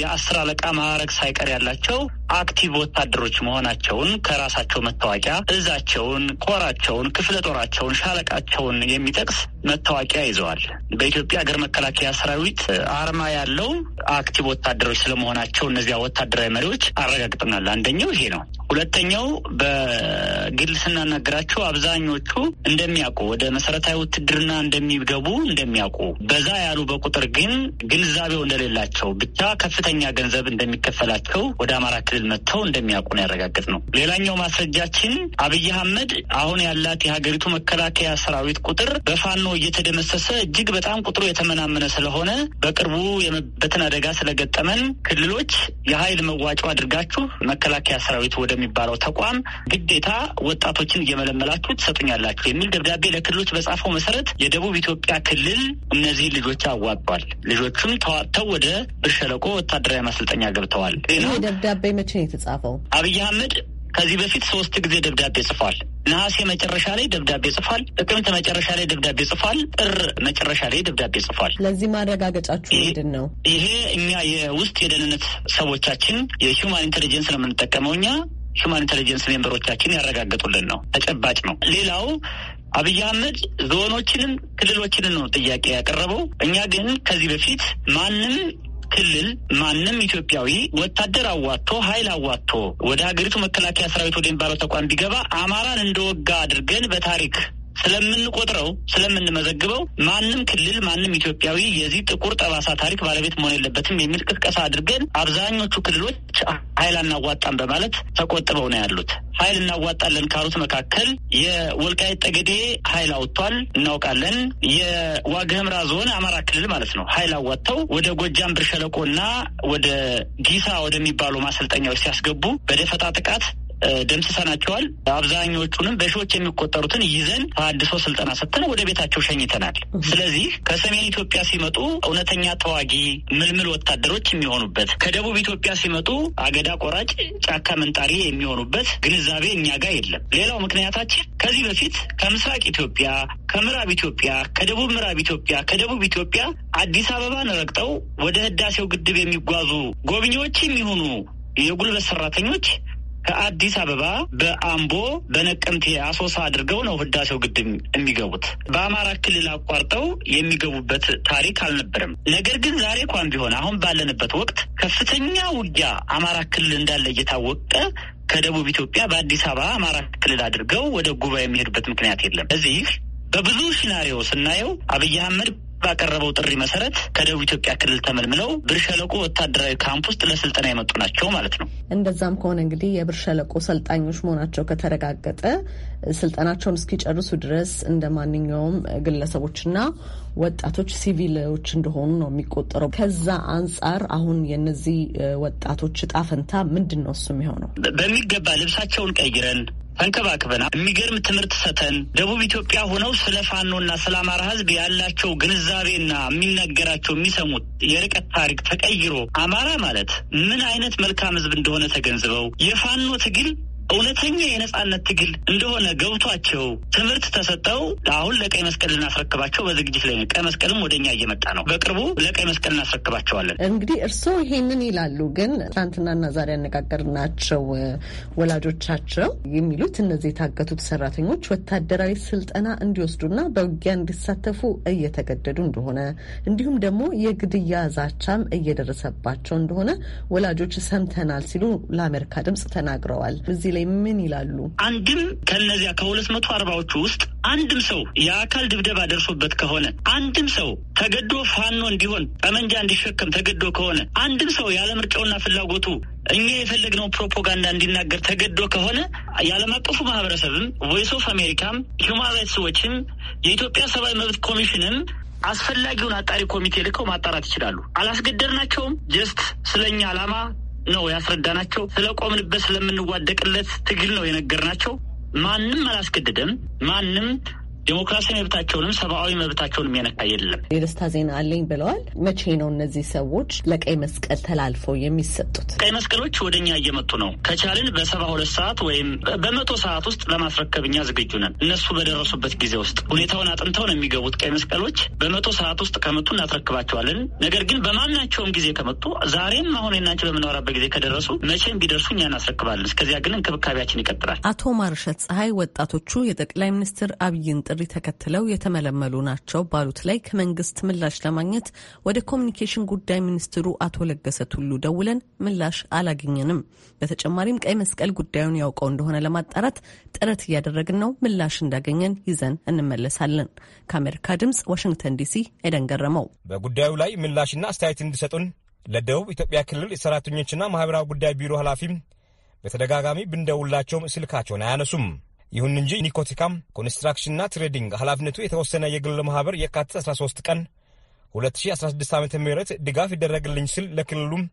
የአስር አለቃ ማዕረግ ሳይቀር ያላቸው አክቲቭ ወታደሮች መሆናቸውን ከራሳቸው መታወቂያ እዛቸውን፣ ኮራቸውን፣ ክፍለ ጦራቸውን፣ ሻለቃቸውን የሚጠቅስ መታወቂያ ይዘዋል። በኢትዮጵያ ሀገር መከላከያ ሰራዊት አርማ ያለው አክቲቭ ወታደሮች ስለመሆናቸው እነዚያ ወታደራዊ መሪዎች አረጋግጠናል። አንደኛው surgieron ሁለተኛው በግል ስናናገራቸው አብዛኞቹ እንደሚያውቁ ወደ መሰረታዊ ውትድርና እንደሚገቡ እንደሚያውቁ በዛ ያሉ በቁጥር ግን ግንዛቤው እንደሌላቸው ብቻ ከፍተኛ ገንዘብ እንደሚከፈላቸው ወደ አማራ ክልል መጥተው እንደሚያውቁ ነው ያረጋገጥ ነው። ሌላኛው ማስረጃችን አብይ አህመድ አሁን ያላት የሀገሪቱ መከላከያ ሰራዊት ቁጥር በፋኖ እየተደመሰሰ እጅግ በጣም ቁጥሩ የተመናመነ ስለሆነ በቅርቡ የመበተን አደጋ ስለገጠመን ክልሎች የሀይል መዋጮ አድርጋችሁ መከላከያ ሰራዊት ወደ የሚባለው ተቋም ግዴታ ወጣቶችን እየመለመላችሁ ትሰጡኛላችሁ የሚል ደብዳቤ ለክልሎች በጻፈው መሰረት የደቡብ ኢትዮጵያ ክልል እነዚህ ልጆች አዋጧል። ልጆቹም ተዋጥተው ወደ ብር ሸለቆ ወታደራዊ ማሰልጠኛ ገብተዋል። ይህ ደብዳቤ መቼ ነው የተጻፈው? አብይ አህመድ ከዚህ በፊት ሶስት ጊዜ ደብዳቤ ጽፏል። ነሐሴ መጨረሻ ላይ ደብዳቤ ጽፏል። ጥቅምት መጨረሻ ላይ ደብዳቤ ጽፏል። ጥር መጨረሻ ላይ ደብዳቤ ጽፏል። ለዚህ ማረጋገጫችሁ ምንድን ነው? ይሄ እኛ የውስጥ የደህንነት ሰዎቻችን የሂውማን ኢንቴሊጀንስ ነው የምንጠቀመው እኛ ሂውማን ኢንቴሊጀንስ ሜምበሮቻችን ያረጋገጡልን ነው። ተጨባጭ ነው። ሌላው አብይ አህመድ ዞኖችንም ክልሎችንም ነው ጥያቄ ያቀረበው። እኛ ግን ከዚህ በፊት ማንም ክልል ማንም ኢትዮጵያዊ ወታደር አዋጥቶ ኃይል አዋጥቶ ወደ ሀገሪቱ መከላከያ ሰራዊት ወደ ሚባለው ተቋም ቢገባ አማራን እንደወጋ አድርገን በታሪክ ስለምንቆጥረው ስለምንመዘግበው ማንም ክልል ማንም ኢትዮጵያዊ የዚህ ጥቁር ጠባሳ ታሪክ ባለቤት መሆን የለበትም የሚል ቅስቀሳ አድርገን አብዛኞቹ ክልሎች ኃይል አናዋጣም በማለት ተቆጥበው ነው ያሉት። ኃይል እናዋጣለን ካሉት መካከል የወልቃይት ጠገዴ ኃይል አውጥቷል፣ እናውቃለን። የዋግህምራ ዞን አማራ ክልል ማለት ነው ኃይል አዋጥተው ወደ ጎጃም ብርሸለቆና ወደ ጊሳ ወደሚባሉ ማሰልጠኛዎች ሲያስገቡ በደፈጣ ጥቃት ደምስሰናቸዋል። አብዛኞቹንም በሺዎች የሚቆጠሩትን ይዘን ተሃድሶ ስልጠና ሰጥተን ወደ ቤታቸው ሸኝተናል። ስለዚህ ከሰሜን ኢትዮጵያ ሲመጡ እውነተኛ ተዋጊ ምልምል ወታደሮች የሚሆኑበት፣ ከደቡብ ኢትዮጵያ ሲመጡ አገዳ ቆራጭ ጫካ መንጣሪ የሚሆኑበት ግንዛቤ እኛ ጋር የለም። ሌላው ምክንያታችን ከዚህ በፊት ከምስራቅ ኢትዮጵያ፣ ከምዕራብ ኢትዮጵያ፣ ከደቡብ ምዕራብ ኢትዮጵያ፣ ከደቡብ ኢትዮጵያ አዲስ አበባን ረግጠው ወደ ህዳሴው ግድብ የሚጓዙ ጎብኚዎች የሚሆኑ የጉልበት ሰራተኞች ከአዲስ አበባ በአምቦ በነቀምቴ አሶሳ አድርገው ነው ህዳሴው ግድብ የሚገቡት። በአማራ ክልል አቋርጠው የሚገቡበት ታሪክ አልነበረም። ነገር ግን ዛሬ እንኳን ቢሆን አሁን ባለንበት ወቅት ከፍተኛ ውጊያ አማራ ክልል እንዳለ እየታወቀ ከደቡብ ኢትዮጵያ በአዲስ አበባ አማራ ክልል አድርገው ወደ ጉባ የሚሄዱበት ምክንያት የለም። እዚህ በብዙ ሲናሪዮ ስናየው አብይ አህመድ ባቀረበው ጥሪ መሰረት ከደቡብ ኢትዮጵያ ክልል ተመልምለው ብር ሸለቆ ወታደራዊ ካምፕ ውስጥ ለስልጠና የመጡ ናቸው ማለት ነው። እንደዛም ከሆነ እንግዲህ የብርሸለቆ ሰልጣኞች መሆናቸው ከተረጋገጠ ስልጠናቸውን እስኪጨርሱ ድረስ እንደ ማንኛውም ግለሰቦችና ወጣቶች ሲቪሎች እንደሆኑ ነው የሚቆጠረው። ከዛ አንጻር አሁን የነዚህ ወጣቶች እጣ ፈንታ ምንድን ነው እሱም የሆነው በሚገባ ልብሳቸውን ቀይረን ተንከባክበና የሚገርም ትምህርት ሰተን ደቡብ ኢትዮጵያ ሆነው ስለ ፋኖና ስለ አማራ ህዝብ ያላቸው ግንዛቤና የሚነገራቸው የሚሰሙት የርቀት ታሪክ ተቀይሮ አማራ ማለት ምን አይነት መልካም ህዝብ እንደሆነ ተገንዝበው የፋኖ ትግል እውነተኛ የነጻነት ትግል እንደሆነ ገብቷቸው ትምህርት ተሰጠው አሁን ለቀይ መስቀል ልናስረክባቸው በዝግጅት ላይ ነው። ቀይ መስቀልም ወደኛ እየመጣ ነው። በቅርቡ ለቀይ መስቀል እናስረክባቸዋለን። እንግዲህ እርስዎ ይሄንን ይላሉ፣ ግን ትናንትናና ዛሬ ያነጋገርናቸው ወላጆቻቸው የሚሉት እነዚህ የታገቱት ሰራተኞች ወታደራዊ ስልጠና እንዲወስዱና በውጊያ እንዲሳተፉ እየተገደዱ እንደሆነ እንዲሁም ደግሞ የግድያ ዛቻም እየደረሰባቸው እንደሆነ ወላጆች ሰምተናል ሲሉ ለአሜሪካ ድምጽ ተናግረዋል። እዚህ ላይ ምን ይላሉ? አንድም ከነዚያ ከሁለት መቶ አርባዎቹ ውስጥ አንድም ሰው የአካል ድብደባ ደርሶበት ከሆነ አንድም ሰው ተገዶ ፋኖ እንዲሆን ጠመንጃ እንዲሸከም ተገዶ ከሆነ አንድም ሰው ያለ ምርጫውና ፍላጎቱ እኛ የፈለግነው ፕሮፓጋንዳ እንዲናገር ተገዶ ከሆነ የዓለም አቀፉ ማህበረሰብም ቮይስ ኦፍ አሜሪካም ሁማን ራይትስ ዎችም የኢትዮጵያ ሰብአዊ መብት ኮሚሽንም አስፈላጊውን አጣሪ ኮሚቴ ልከው ማጣራት ይችላሉ። አላስገደድናቸውም። ጀስት ስለኛ ዓላማ ነው ያስረዳናቸው። ስለቆምንበት ስለምንዋደቅለት ትግል ነው የነገርናቸው። ማንም አላስገደደም። ማንም ዴሞክራሲያዊ መብታቸውንም ሰብአዊ መብታቸውን የነካ የለም። የደስታ ዜና አለኝ ብለዋል። መቼ ነው እነዚህ ሰዎች ለቀይ መስቀል ተላልፈው የሚሰጡት? ቀይ መስቀሎች ወደ እኛ እየመጡ ነው። ከቻልን በሰባ ሁለት ሰዓት ወይም በመቶ ሰዓት ውስጥ ለማስረከብ እኛ ዝግጁ ነን። እነሱ በደረሱበት ጊዜ ውስጥ ሁኔታውን አጥንተው ነው የሚገቡት። ቀይ መስቀሎች በመቶ ሰዓት ውስጥ ከመጡ እናስረክባቸዋለን። ነገር ግን በማናቸውም ጊዜ ከመጡ ዛሬም አሁን ናቸው በምናወራበት ጊዜ ከደረሱ መቼም ቢደርሱ እኛ እናስረክባለን። እስከዚያ ግን እንክብካቤያችን ይቀጥላል። አቶ ማርሸት ፀሐይ ወጣቶቹ የጠቅላይ ሚኒስትር አብይን ጥሪ ተከትለው የተመለመሉ ናቸው ባሉት ላይ ከመንግስት ምላሽ ለማግኘት ወደ ኮሚኒኬሽን ጉዳይ ሚኒስትሩ አቶ ለገሰ ቱሉ ደውለን ምላሽ አላገኘንም። በተጨማሪም ቀይ መስቀል ጉዳዩን ያውቀው እንደሆነ ለማጣራት ጥረት እያደረግን ነው። ምላሽ እንዳገኘን ይዘን እንመለሳለን። ከአሜሪካ ድምጽ ዋሽንግተን ዲሲ ኤደን ገረመው። በጉዳዩ ላይ ምላሽና አስተያየት እንዲሰጡን ለደቡብ ኢትዮጵያ ክልል የሰራተኞችና ማህበራዊ ጉዳይ ቢሮ ኃላፊም በተደጋጋሚ ብንደውላቸውም ስልካቸውን አያነሱም። ይሁን እንጂ ኒኮቲካም ኮንስትራክሽንና ትሬዲንግ ኃላፊነቱ የተወሰነ የግል ማህበር የካቲት 13 ቀን 2016 ዓ ም ድጋፍ ይደረግልኝ ስል ለክልሉም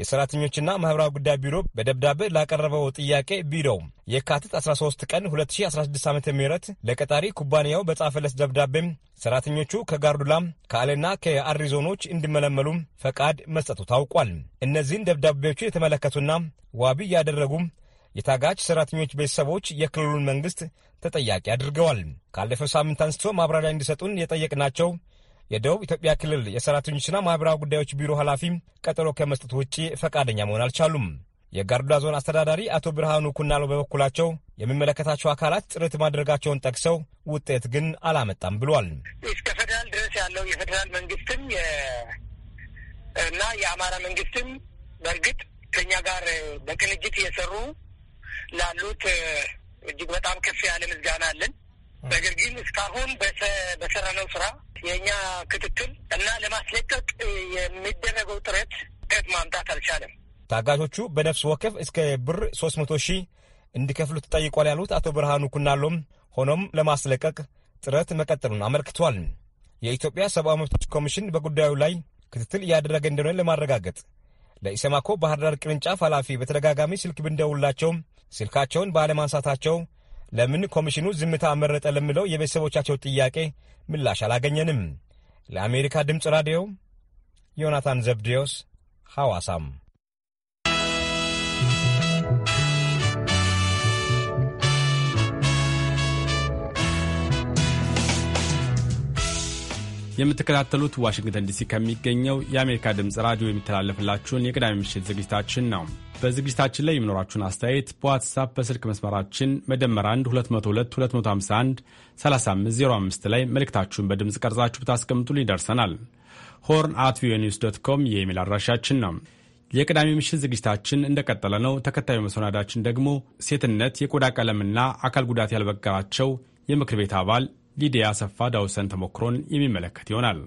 የሰራተኞችና ማህበራዊ ጉዳይ ቢሮ በደብዳቤ ላቀረበው ጥያቄ ቢሮው የካቲት 13 ቀን 2016 ዓ ም ለቀጣሪ ኩባንያው በጻፈለት ደብዳቤም ሰራተኞቹ ከጋርዱላ ከአሌና ከአሪ ዞኖች እንዲመለመሉ ፈቃድ መስጠቱ ታውቋል። እነዚህን ደብዳቤዎቹ የተመለከቱና ዋቢ ያደረጉ የታጋች ሰራተኞች ቤተሰቦች የክልሉን መንግስት ተጠያቂ አድርገዋል። ካለፈው ሳምንት አንስቶ ማብራሪያ እንዲሰጡን የጠየቅናቸው የደቡብ ኢትዮጵያ ክልል የሰራተኞችና ማኅበራዊ ጉዳዮች ቢሮ ኃላፊ ቀጠሮ ከመስጠት ውጪ ፈቃደኛ መሆን አልቻሉም። የጋርዳ ዞን አስተዳዳሪ አቶ ብርሃኑ ኩናሎ በበኩላቸው የሚመለከታቸው አካላት ጥረት ማድረጋቸውን ጠቅሰው ውጤት ግን አላመጣም ብሏል። እስከ ፌዴራል ድረስ ያለው የፌዴራል መንግስትም እና የአማራ መንግስትም በእርግጥ ከኛ ጋር በቅንጅት እየሰሩ ላሉት እጅግ በጣም ከፍ ያለ ምስጋና አለን። ነገር ግን እስካሁን በሰራነው ስራ የእኛ ክትትል እና ለማስለቀቅ የሚደረገው ጥረት ከት ማምጣት አልቻለም። ታጋቾቹ በነፍስ ወከፍ እስከ ብር ሶስት መቶ ሺህ እንዲከፍሉ ተጠይቋል ያሉት አቶ ብርሃኑ ኩናሎም፣ ሆኖም ለማስለቀቅ ጥረት መቀጠሉን አመልክቷል። የኢትዮጵያ ሰብአዊ መብቶች ኮሚሽን በጉዳዩ ላይ ክትትል እያደረገ እንደሆነ ለማረጋገጥ ለኢሰማኮ ባህር ዳር ቅርንጫፍ ኃላፊ በተደጋጋሚ ስልክ ብንደውላቸውም ስልካቸውን ባለማንሳታቸው ለምን ኮሚሽኑ ዝምታ መረጠ ለሚለው የቤተሰቦቻቸው ጥያቄ ምላሽ አላገኘንም። ለአሜሪካ ድምፅ ራዲዮ ዮናታን ዘብዴዎስ ሐዋሳም የምትከታተሉት ዋሽንግተን ዲሲ ከሚገኘው የአሜሪካ ድምፅ ራዲዮ የሚተላለፍላችሁን የቅዳሜ ምሽት ዝግጅታችን ነው። በዝግጅታችን ላይ የሚኖራችሁን አስተያየት በዋትሳፕ በስልክ መስመራችን መደመር 1 202 251 3505 ላይ መልእክታችሁን በድምፅ ቀርጻችሁ ብታስቀምጡልን ይደርሰናል። ሆርን አት ቪኦኤ ኒውስ ዶት ኮም የኢሜል አድራሻችን ነው። የቅዳሜ ምሽት ዝግጅታችን እንደቀጠለ ነው። ተከታዩ መሰናዳችን ደግሞ ሴትነት፣ የቆዳ ቀለምና አካል ጉዳት ያልበገራቸው የምክር ቤት አባል ሊዲያ አሰፋ ዳውሰን ተሞክሮን የሚመለከት ይሆናል።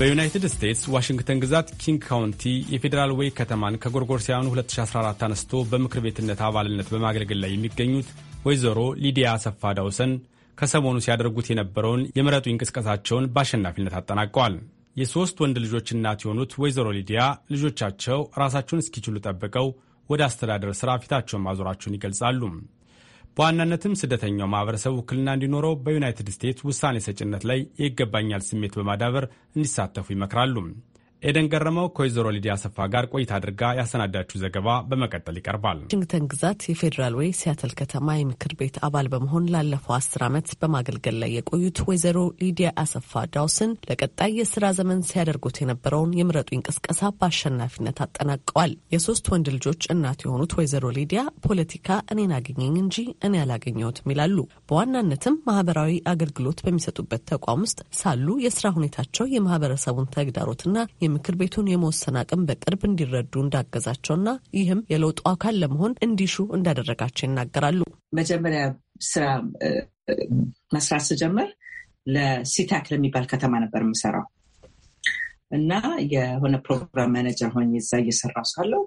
በዩናይትድ ስቴትስ ዋሽንግተን ግዛት ኪንግ ካውንቲ የፌዴራል ዌይ ከተማን ከጎርጎርሲያኑ 2014 አነስቶ በምክር ቤትነት አባልነት በማገልገል ላይ የሚገኙት ወይዘሮ ሊዲያ አሰፋ ዳውሰን ከሰሞኑ ሲያደርጉት የነበረውን የምረጡ እንቅስቀሳቸውን በአሸናፊነት አጠናቀዋል። የሦስት ወንድ ልጆች እናት የሆኑት ወይዘሮ ሊዲያ ልጆቻቸው ራሳቸውን እስኪችሉ ጠብቀው ወደ አስተዳደር ሥራ ፊታቸውን ማዞራቸውን ይገልጻሉ። በዋናነትም ስደተኛው ማህበረሰብ ውክልና እንዲኖረው በዩናይትድ ስቴትስ ውሳኔ ሰጭነት ላይ የይገባኛል ስሜት በማዳበር እንዲሳተፉ ይመክራሉ። ኤደን ገረመው ከወይዘሮ ሊዲያ አሰፋ ጋር ቆይታ አድርጋ ያሰናዳችው ዘገባ በመቀጠል ይቀርባል። ዋሽንግተን ግዛት የፌዴራል ወይ ሲያተል ከተማ የምክር ቤት አባል በመሆን ላለፈው አስር ዓመት በማገልገል ላይ የቆዩት ወይዘሮ ሊዲያ አሰፋ ዳውስን ለቀጣይ የስራ ዘመን ሲያደርጉት የነበረውን የምረጡ እንቅስቀሳ በአሸናፊነት አጠናቀዋል። የሶስት ወንድ ልጆች እናት የሆኑት ወይዘሮ ሊዲያ ፖለቲካ እኔን አገኘኝ እንጂ እኔ አላገኘሁትም ይላሉ። በዋናነትም ማህበራዊ አገልግሎት በሚሰጡበት ተቋም ውስጥ ሳሉ የስራ ሁኔታቸው የማህበረሰቡን ተግዳሮትና የምክር ቤቱን የመወሰን አቅም በቅርብ እንዲረዱ እንዳገዛቸውና ይህም የለውጡ አካል ለመሆን እንዲሹ እንዳደረጋቸው ይናገራሉ። መጀመሪያ ስራ መስራት ስጀምር ለሲታክ ለሚባል ከተማ ነበር የምሰራው እና የሆነ ፕሮግራም ማኔጀር ሆኜ እዛ እየሰራሁ ሳለው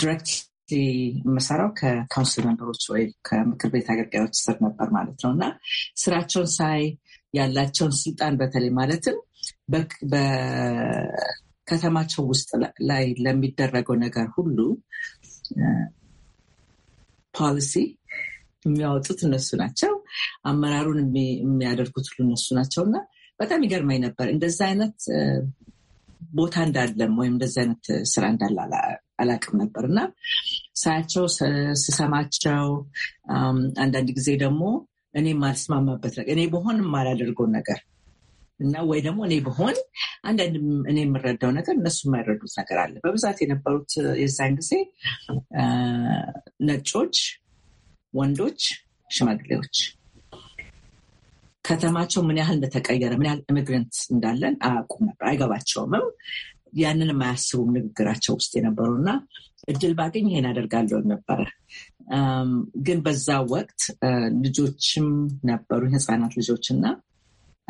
ዲሬክት የምሰራው ከካውንስል መንበሮች ወይ ከምክር ቤት አገልጋዮች ስር ነበር ማለት ነው እና ስራቸውን ሳይ ያላቸውን ስልጣን በተለይ ማለትም በከተማቸው ውስጥ ላይ ለሚደረገው ነገር ሁሉ ፖሊሲ የሚያወጡት እነሱ ናቸው። አመራሩን የሚያደርጉት ሁሉ እነሱ ናቸው እና በጣም ይገርመኝ ነበር እንደዛ አይነት ቦታ እንዳለም ወይም እንደዚህ አይነት ስራ እንዳለ አላቅም ነበር እና ሳያቸው፣ ስሰማቸው አንዳንድ ጊዜ ደግሞ እኔ የማልስማማበት ነገር እኔ በሆን የማላደርገውን ነገር እና ወይ ደግሞ እኔ በሆን አንዳንድ እኔ የምረዳው ነገር እነሱ የማይረዱት ነገር አለ። በብዛት የነበሩት የዛን ጊዜ ነጮች ወንዶች፣ ሽማግሌዎች ከተማቸው ምን ያህል እንደተቀየረ ምን ያህል ኢሚግረንት እንዳለን አያውቁም ነበር፣ አይገባቸውምም። ያንን የማያስቡም ንግግራቸው ውስጥ የነበሩ እና እድል ባገኝ ይሄን አደርጋለሁ ነበረ። ግን በዛ ወቅት ልጆችም ነበሩ፣ ህፃናት ልጆች እና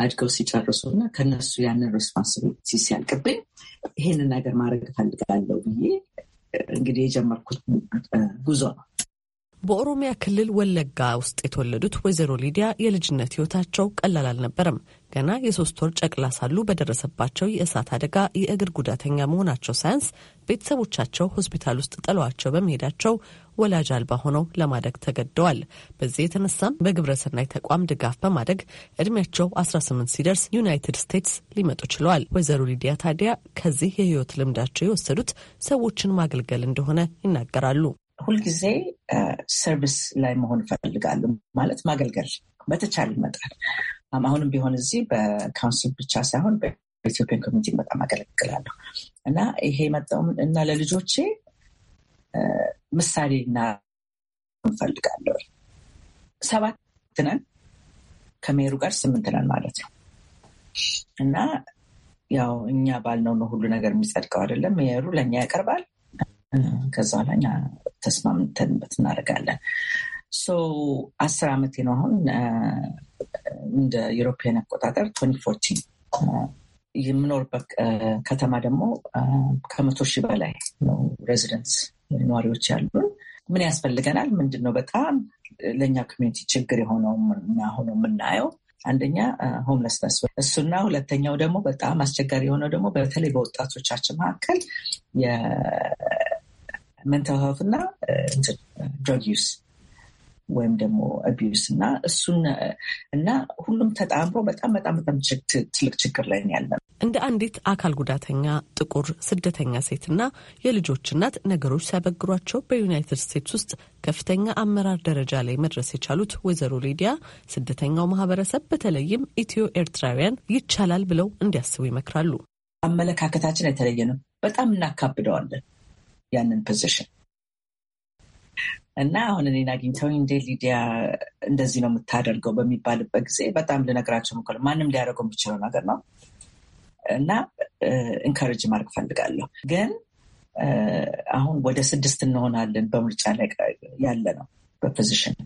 አድገው ሲጨርሱ እና ከነሱ ያንን ሬስፖንሲቢሊቲ ሲያልቅብኝ ይሄንን ነገር ማድረግ እፈልጋለሁ ብዬ እንግዲህ የጀመርኩት ጉዞ ነው። በኦሮሚያ ክልል ወለጋ ውስጥ የተወለዱት ወይዘሮ ሊዲያ የልጅነት ሕይወታቸው ቀላል አልነበረም። ገና የሶስት ወር ጨቅላ ሳሉ በደረሰባቸው የእሳት አደጋ የእግር ጉዳተኛ መሆናቸው ሳያንስ ቤተሰቦቻቸው ሆስፒታል ውስጥ ጥለዋቸው በመሄዳቸው ወላጅ አልባ ሆነው ለማደግ ተገደዋል። በዚህ የተነሳም በግብረሰናይ ተቋም ድጋፍ በማደግ እድሜያቸው 18 ሲደርስ ዩናይትድ ስቴትስ ሊመጡ ችለዋል። ወይዘሮ ሊዲያ ታዲያ ከዚህ የህይወት ልምዳቸው የወሰዱት ሰዎችን ማገልገል እንደሆነ ይናገራሉ። ሁልጊዜ ሰርቪስ ላይ መሆን እፈልጋለሁ። ማለት ማገልገል በተቻለ ይመጣል። አሁንም ቢሆን እዚህ በካውንስል ብቻ ሳይሆን በኢትዮጵያን ኮሚኒቲ በጣም አገለግላለሁ እና ይሄ መጣውም እና ለልጆቼ ምሳሌና እንፈልጋለሁ። ሰባት ነን ከሜሩ ጋር ስምንት ነን ማለት ነው እና ያው እኛ ባልነው ነው ሁሉ ነገር የሚጸድቀው አይደለም። ሜሩ ለእኛ ያቀርባል ከዛ ላይ ተስማምተንበት እናደርጋለን። አስር ዓመቴ ነው አሁን እንደ ዩሮፒያን አቆጣጠር ቶኒ ፎርቲን የምኖርበት ከተማ ደግሞ ከመቶ ሺህ በላይ ነው ሬዚደንትስ ነዋሪዎች ያሉን። ምን ያስፈልገናል? ምንድን ነው በጣም ለእኛ ኮሚኒቲ ችግር የሆነው እና የምናየው አንደኛ ሆምለስነስ እሱና ሁለተኛው ደግሞ በጣም አስቸጋሪ የሆነው ደግሞ በተለይ በወጣቶቻችን መካከል ሜንታል ሄልት እና ድረግ uh, ዩስ uh, ወይም ደግሞ አቢዩስ እና እሱን uh, እና ሁሉም ተጣምሮ በጣም በጣም በጣም ትልቅ ችግር ላይ ያለ እንደ አንዲት አካል ጉዳተኛ ጥቁር ስደተኛ ሴትና የልጆች እናት ነገሮች ሲያበግሯቸው በዩናይትድ ስቴትስ ውስጥ ከፍተኛ አመራር ደረጃ ላይ መድረስ የቻሉት ወይዘሮ ሊዲያ ስደተኛው ማህበረሰብ በተለይም ኢትዮ ኤርትራውያን ይቻላል ብለው እንዲያስቡ ይመክራሉ። አመለካከታችን የተለየ ነው። በጣም እናካብደዋለን ያንን ፖዚሽን እና አሁን እኔን አግኝተው እንዴ ሊዲያ እንደዚህ ነው የምታደርገው በሚባልበት ጊዜ በጣም ልነግራቸው ምኮ ማንም ሊያደርገው የሚችለው ነገር ነው እና ኢንካሬጅ ማድረግ ፈልጋለሁ። ግን አሁን ወደ ስድስት እንሆናለን በምርጫ ላይ ያለ ነው በፖዚሽን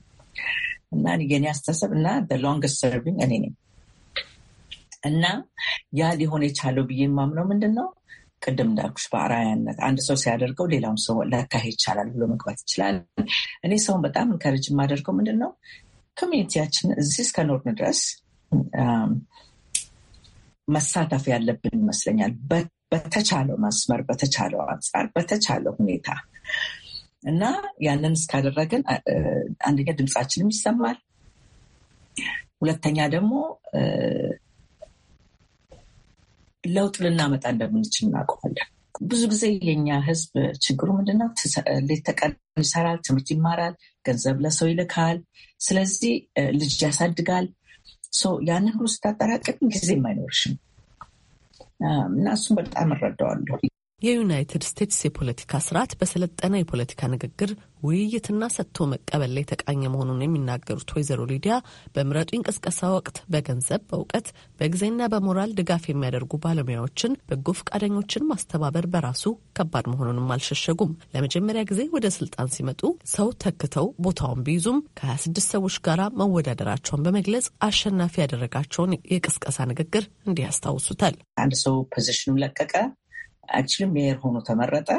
እና የኔ አስተሳሰብ እና ሎንግስት ሰርቪንግ እኔ ነኝ እና ያ ሊሆን የቻለው ብዬ የማምነው ምንድን ነው ቅድም እንዳልኩሽ በአራያነት አንድ ሰው ሲያደርገው ሌላውን ሰው ለካሄ ይቻላል ብሎ መግባት ይችላል። እኔ ሰውን በጣም እንከረጅ የማደርገው ምንድን ነው ኮሚኒቲያችን እዚህ እስከኖርን ድረስ መሳተፍ ያለብን ይመስለኛል። በተቻለው መስመር፣ በተቻለው አንጻር፣ በተቻለው ሁኔታ እና ያንን እስካደረግን አንደኛ ድምፃችንም ይሰማል፣ ሁለተኛ ደግሞ ለውጥ ልናመጣ እንደምንችል እናውቀዋለን። ብዙ ጊዜ የኛ ህዝብ ችግሩ ምንድነው? ሌት ተቀን ይሰራል፣ ትምህርት ይማራል፣ ገንዘብ ለሰው ይልካል፣ ስለዚህ ልጅ ያሳድጋል። ያንን ሁሉ ስታጠራቅም ጊዜም አይኖርሽም እና እሱም በጣም እረዳዋለሁ። የዩናይትድ ስቴትስ የፖለቲካ ስርዓት በሰለጠነ የፖለቲካ ንግግር ውይይትና ሰጥቶ መቀበል ላይ የተቃኘ መሆኑን የሚናገሩት ወይዘሮ ሊዲያ በምረጡ እንቅስቀሳ ወቅት በገንዘብ፣ በእውቀት፣ በጊዜና በሞራል ድጋፍ የሚያደርጉ ባለሙያዎችን፣ በጎ ፈቃደኞችን ማስተባበር በራሱ ከባድ መሆኑንም አልሸሸጉም። ለመጀመሪያ ጊዜ ወደ ስልጣን ሲመጡ ሰው ተክተው ቦታውን ቢይዙም ከ26 ሰዎች ጋር መወዳደራቸውን በመግለጽ አሸናፊ ያደረጋቸውን የቅስቀሳ ንግግር እንዲህ ያስታውሱታል። አንድ ሰው ፖዚሽኑን ለቀቀ አችልም ሜየር ሆኖ ተመረጠ።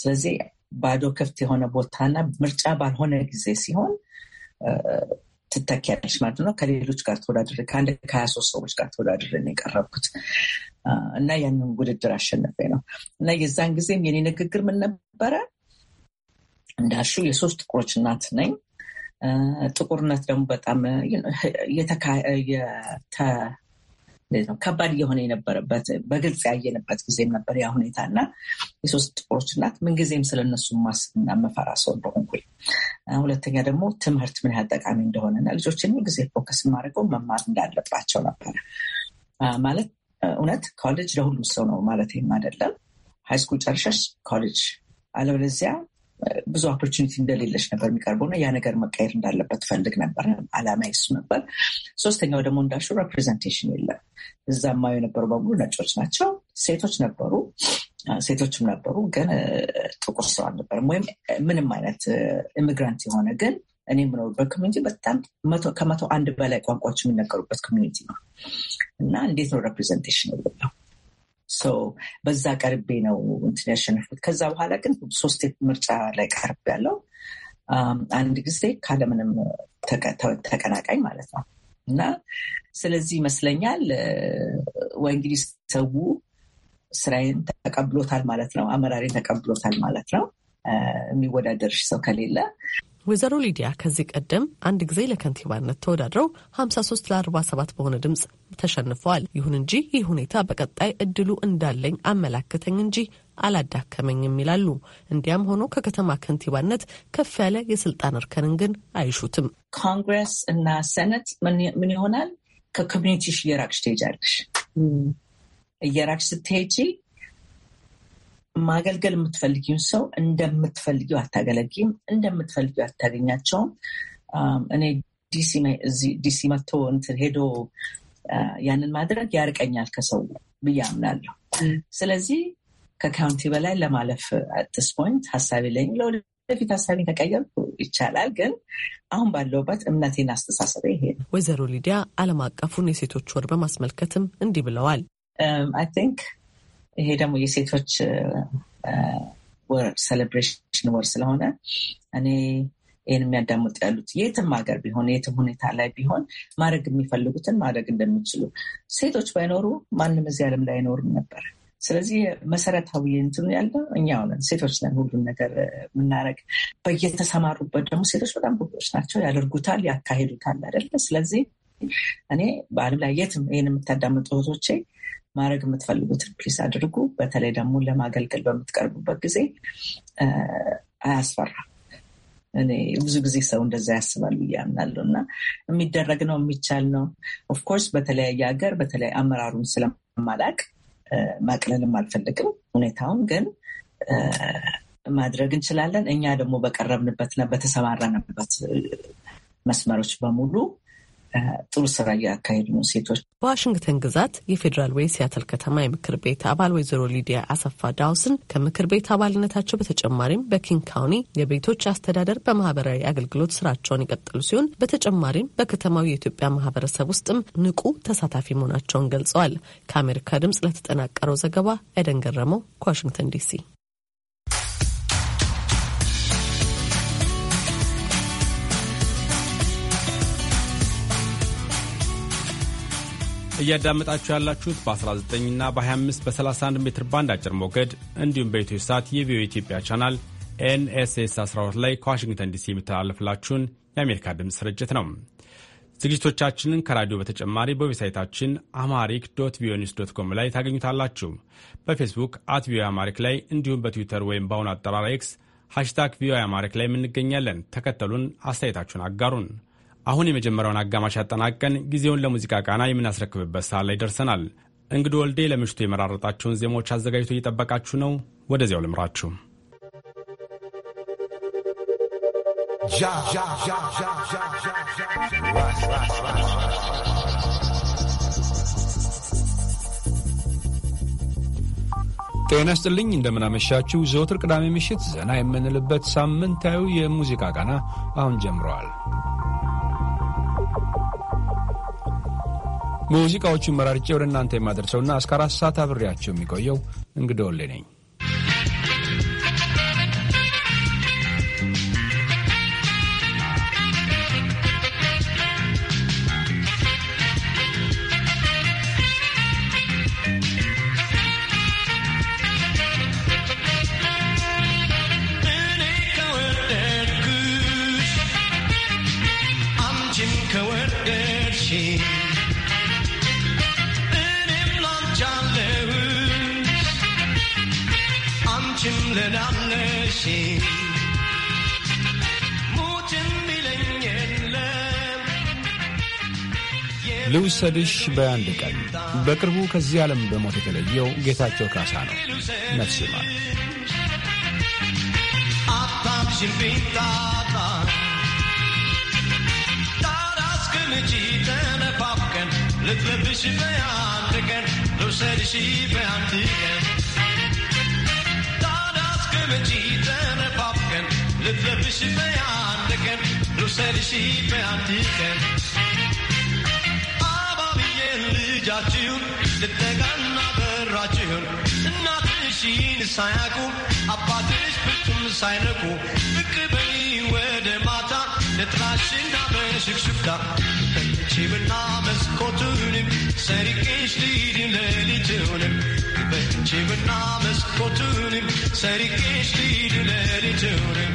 ስለዚህ ባዶ ክፍት የሆነ ቦታና ምርጫ ባልሆነ ጊዜ ሲሆን ትተኪያለች ማለት ነው። ከሌሎች ጋር ተወዳድር ከአንድ ከሀያ ሶስት ሰዎች ጋር ተወዳድሬ የቀረብኩት እና ያንን ውድድር አሸነፌ ነው እና የዛን ጊዜም የኔ ንግግር ምን ነበረ? እንዳሹ የሶስት ጥቁሮች እናት ነኝ። ጥቁርነት ደግሞ በጣም ከባድ እየሆነ የነበረበት በግልጽ ያየንበት ጊዜም ነበር ያ ሁኔታ እና የሶስት ጥቁሮች እናት ምንጊዜም ስለነሱ ማስብና መፈራ ሰው እንደሆንኩኝ፣ ሁለተኛ ደግሞ ትምህርት ምን ያህል ጠቃሚ እንደሆነና ልጆችን ጊዜ ፎከስ ማድረገው መማር እንዳለባቸው ነበር ማለት እውነት ኮሌጅ ለሁሉም ሰው ነው ማለት ይህም አይደለም። ሃይስኩል ጨርሸሽ ኮሌጅ አለበለዚያ ብዙ ኦፖርቹኒቲ እንደሌለች ነበር የሚቀርበው እና ያ ነገር መቀየር እንዳለበት ፈልግ ነበር። አላማ ይሱ ነበር። ሶስተኛው ደግሞ እንዳሹ ሬፕሬዘንቴሽን የለም። እዛማ የነበሩ በሙሉ ነጮች ናቸው። ሴቶች ነበሩ፣ ሴቶችም ነበሩ፣ ግን ጥቁር ሰው አልነበርም ወይም ምንም አይነት ኢሚግራንት የሆነ ግን እኔ የምኖርበት ኮሚኒቲ በጣም ከመቶ አንድ በላይ ቋንቋዎች የሚነገሩበት ኮሚኒቲ ነው እና እንዴት ነው ሬፕሬዘንቴሽን የለም በዛ ቀርቤ ነው እንትን ያሸነፍኩት። ከዛ በኋላ ግን ሶስት ምርጫ ላይ ቀርብ ያለው አንድ ጊዜ ካለምንም ተቀናቃኝ ማለት ነው እና ስለዚህ ይመስለኛል ወይ እንግዲህ ሰው ስራዬን ተቀብሎታል ማለት ነው፣ አመራሬን ተቀብሎታል ማለት ነው። የሚወዳደርሽ ሰው ከሌለ ወይዘሮ ሊዲያ ከዚህ ቀደም አንድ ጊዜ ለከንቲባነት ተወዳድረው 53 ለ47 በሆነ ድምፅ ተሸንፈዋል። ይሁን እንጂ ይህ ሁኔታ በቀጣይ እድሉ እንዳለኝ አመላከተኝ እንጂ አላዳከመኝም ይላሉ። እንዲያም ሆኖ ከከተማ ከንቲባነት ከፍ ያለ የስልጣን እርከንን ግን አይሹትም። ኮንግረስ እና ሰነት ምን ይሆናል? ከኮሚኒቲሽ እየራቅሽ ትሄጃለሽ። እየራቅሽ ስትሄጂ ማገልገል የምትፈልጊውን ሰው እንደምትፈልጊው አታገለጊም፣ እንደምትፈልጊው አታገኛቸውም። እኔ ዲሲ መጥቶ እንትን ሄዶ ያንን ማድረግ ያርቀኛል ከሰው ብዬ አምናለሁ። ስለዚህ ከካውንቲ በላይ ለማለፍ አትስ ፖይንት ሀሳቢ ለኝ ለወደፊት ሀሳቢ ተቀየር ይቻላል፣ ግን አሁን ባለውበት እምነቴን አስተሳሰበ ይሄ ነው። ወይዘሮ ሊዲያ ዓለም አቀፉን የሴቶች ወር በማስመልከትም እንዲህ ብለዋል። አይ ቲንክ ይሄ ደግሞ የሴቶች ወር ሴሌብሬሽን ወር ስለሆነ እኔ ይህን የሚያዳምጡ ያሉት የትም ሀገር ቢሆን የትም ሁኔታ ላይ ቢሆን ማድረግ የሚፈልጉትን ማድረግ እንደሚችሉ ሴቶች ባይኖሩ ማንም እዚህ ዓለም ላይ አይኖርም ነበር። ስለዚህ መሰረታዊ እንትኑ ያለው እኛ ሆነን ሴቶች ነን። ሁሉን ነገር የምናደርግ በየተሰማሩበት ደግሞ ሴቶች በጣም ጎበዞች ናቸው። ያደርጉታል፣ ያካሂዱታል አይደለ? ስለዚህ እኔ በዓለም ላይ የትም ይህን የምታዳምጡ እህቶቼ ማድረግ የምትፈልጉትን ፕሊስ አድርጉ። በተለይ ደግሞ ለማገልገል በምትቀርቡበት ጊዜ አያስፈራም። እኔ ብዙ ጊዜ ሰው እንደዛ ያስባል ብዬ አምናለሁ እና የሚደረግ ነው የሚቻል ነው። ኦፍኮርስ በተለያየ ሀገር በተለይ አመራሩን ስለማላቅ ማቅለልም አልፈልግም ሁኔታውን ግን ማድረግ እንችላለን። እኛ ደግሞ በቀረብንበትና በተሰማራንበት መስመሮች በሙሉ ጥሩ ስራ እያካሄዱ ነው ሴቶች። በዋሽንግተን ግዛት የፌዴራል ወይ ሲያትል ከተማ የምክር ቤት አባል ወይዘሮ ሊዲያ አሰፋ ዳውስን ከምክር ቤት አባልነታቸው በተጨማሪም በኪንግ ካውኒ የቤቶች አስተዳደር በማህበራዊ አገልግሎት ስራቸውን የቀጠሉ ሲሆን በተጨማሪም በከተማው የኢትዮጵያ ማህበረሰብ ውስጥም ንቁ ተሳታፊ መሆናቸውን ገልጸዋል። ከአሜሪካ ድምጽ ለተጠናቀረው ዘገባ ኤደን ገረመው ከዋሽንግተን ዲሲ እያዳመጣችሁ ያላችሁት በ19 እና በ25 በ31 ሜትር ባንድ አጭር ሞገድ እንዲሁም በኢትዮ ሳት የቪኦኤ ኢትዮጵያ ቻናል ኤንኤስኤስ 12 ላይ ከዋሽንግተን ዲሲ የሚተላለፍላችሁን የአሜሪካ ድምፅ ስርጭት ነው። ዝግጅቶቻችንን ከራዲዮ በተጨማሪ በዌብሳይታችን አማሪክ ዶት ቪኦኤ ዶት ኮም ላይ ታገኙታላችሁ። በፌስቡክ አት ቪኦኤ አማሪክ ላይ እንዲሁም በትዊተር ወይም በአሁኑ አጠራር ኤክስ ሃሽታግ ቪኦኤ አማሪክ ላይ የምንገኛለን። ተከተሉን፣ አስተያየታችሁን አጋሩን። አሁን የመጀመሪያውን አጋማሽ ያጠናቀን ጊዜውን ለሙዚቃ ቃና የምናስረክብበት ሰዓት ላይ ደርሰናል። እንግዲ ወልዴ ለምሽቱ የመራረጣቸውን ዜማዎች አዘጋጅቶ እየጠበቃችሁ ነው። ወደዚያው ልምራችሁ። ጤና ስጥልኝ እንደምናመሻችሁ። ዘወትር ቅዳሜ ምሽት ዘና የምንልበት ሳምንታዊ የሙዚቃ ቃና አሁን ጀምረዋል። ሙዚቃዎቹን መራርጬ ወደ እናንተ የማደርሰውና እስከ አራት ሰዓት አብሬያቸው የሚቆየው እንግዳ ወሌ ነኝ። ልውሰድሽ በአንድ ቀን በቅርቡ ከዚህ ዓለም በሞት የተለየው ጌታቸው ካሳ ነው። ነፍስ ይማር። ልትለብሽ በአንድ ቀን ልውሰድሽ በአንድ ቀን ልትለብሽ በአንድ ቀን ልውሰድሽ በአንድ ቀን ልጃችሁን ልትነጋና በራችሁን እናትሽን ሳያቁ አባትሽ ፍጹም ሳይነቁ ብቅ በይ ወደ ማታ ለጥላሽና በሽክሽክታ በጅብና መስኮቱንም ሰሪቄሽ ሊድን ለሊትውንም በጅብና መስኮቱንም ሰሪቄሽ ሊድን ለሊትውንም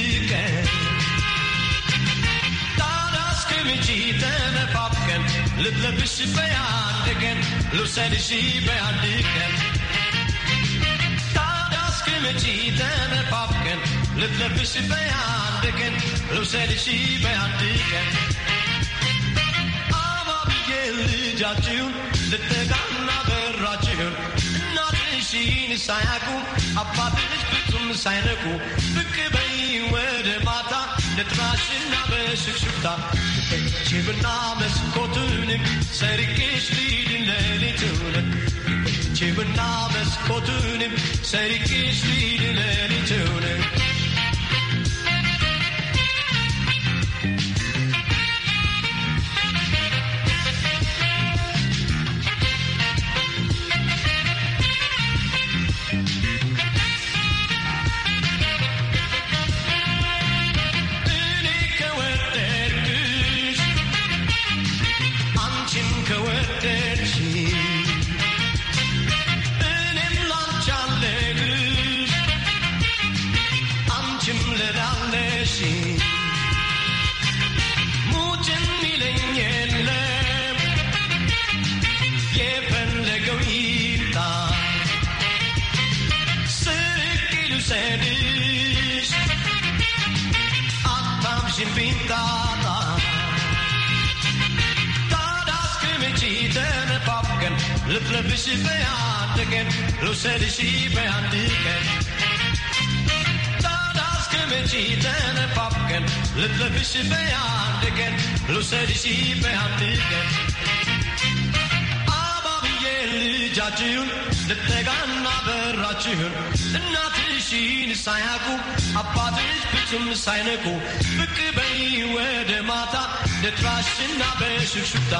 ልብ ለብሽ በያንድ ቀን ልውሰድሽ በአንድ ቀን ታዲያ እስክመጪ ተነፋፍቀን ልብ ለብሽ በያንድ ቀን ልውሰድሽ በአንድ ቀን አባብዬ ልጃችሁን ልትጠጋና በራችሁን እናትሽን ሳያውቁ አባትሽ ፍጹም ሳይነቁ ብቅ በይ ወደ ማታ ራስና በሽክሽክታ ጅብና መስኮቱንም ሰርቄሽ ልሂድን ሌሊት እውነት ጅብና መስኮቱንም ሰርቄሽ ልሂድን ሌሊት እውነት Glömmische Beate kennt, Lucelle sie Beate kennt. Lidt af visse bærende igen, nu sætter de sig bærende igen. ልጃችሁን ልትጠጋና በራችሁን እናትሽን ሳያቁ! አባትሽ ብትም ሳይነቁ ብቅ በይ ወደ ማታ ለትራሽና በሽሹታ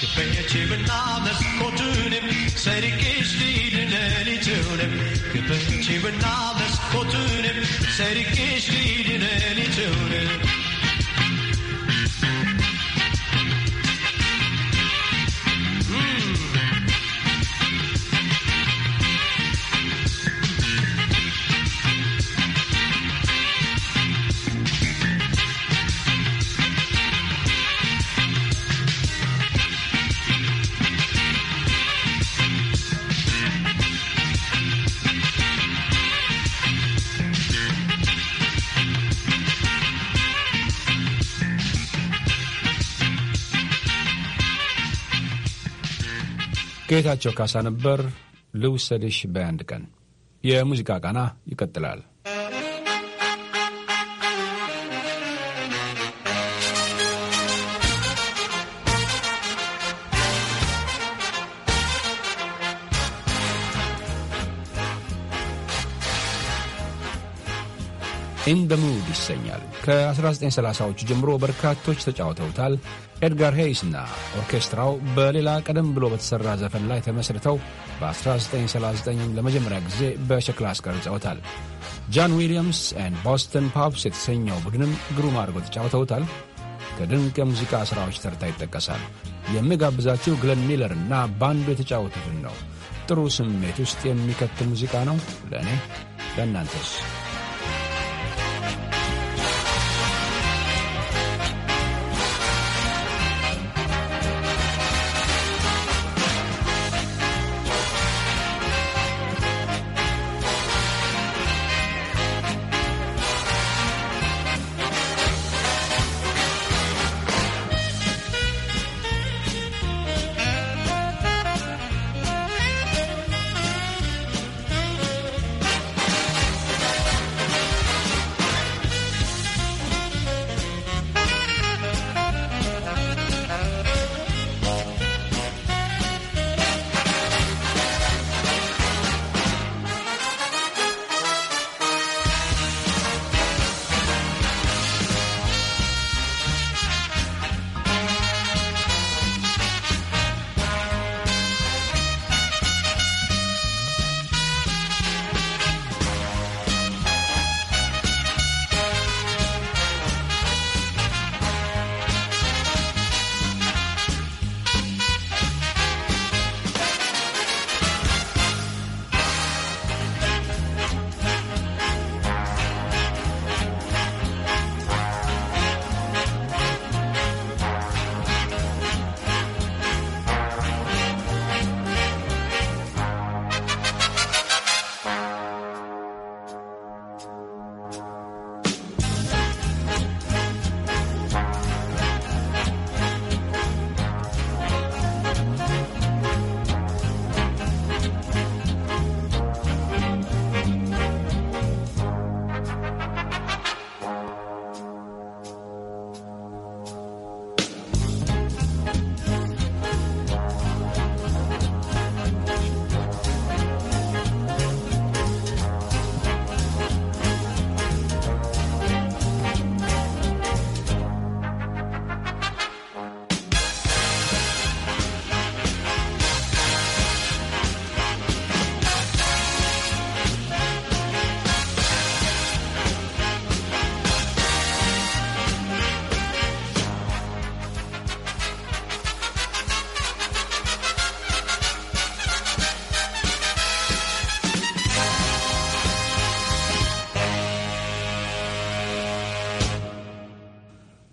ክበየችምና መስኮቱንም ሰርቄሽ ሊድ ሌሊቱንም ክበየችምና መስኮቱንም ሰርቄሽ ሊድ ሌሊቱንም ጌታቸው ካሳ ነበር። ልውሰድሽ በአንድ ቀን የሙዚቃ ቃና ይቀጥላል። ኢንደሙድ ይሰኛል። ከ1930ዎቹ ጀምሮ በርካቶች ተጫውተውታል። ኤድጋር ሄይስ እና ኦርኬስትራው በሌላ ቀደም ብሎ በተሠራ ዘፈን ላይ ተመስርተው በ1939 ለመጀመሪያ ጊዜ በሸክላ አስቀርጸውታል። ጃን ዊሊያምስ ኤንድ ቦስተን ፓፕስ የተሰኘው ቡድንም ግሩም አድርገው ተጫውተውታል። ከድንቅ የሙዚቃ ሥራዎች ተርታ ይጠቀሳል። የምጋብዛችሁ ግለን ሚለር እና ባንዱ የተጫወቱትን ነው። ጥሩ ስሜት ውስጥ የሚከት ሙዚቃ ነው። ለእኔ ለእናንተስ?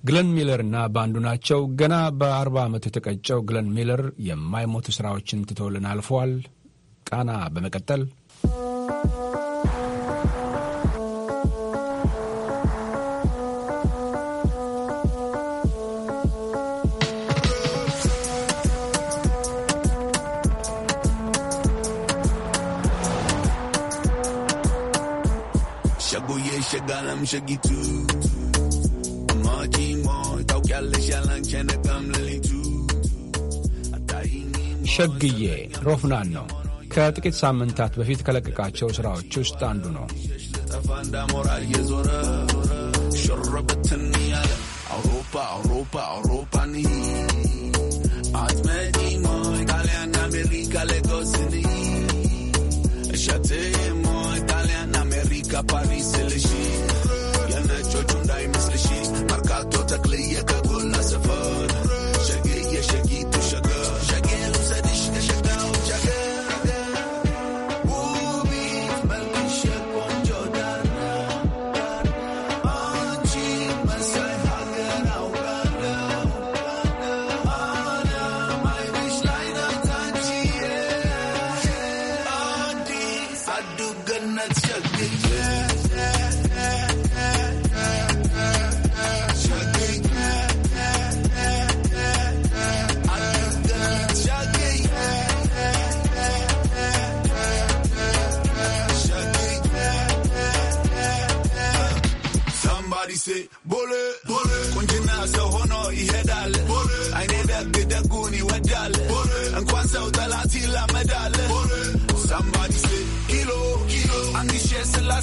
ግለን ሚለር እና ባንዱ ናቸው። ገና በአርባ ዓመቱ የተቀጨው ግለን ሚለር የማይሞቱ ሥራዎችን ትተውልን አልፈዋል። ቃና በመቀጠል Shaguye shagalam shagitu ሸግዬ ሮፍናን ነው። ከጥቂት ሳምንታት በፊት ከለቀቃቸው ሥራዎች ውስጥ አንዱ ነው። አውሮፓ አውሮፓ አውሮፓ ጣሊያን አሜሪካ ጣሊያን አሜሪካ ፓሪስ ልሽ የነጮቹ እንዳይመስልሽ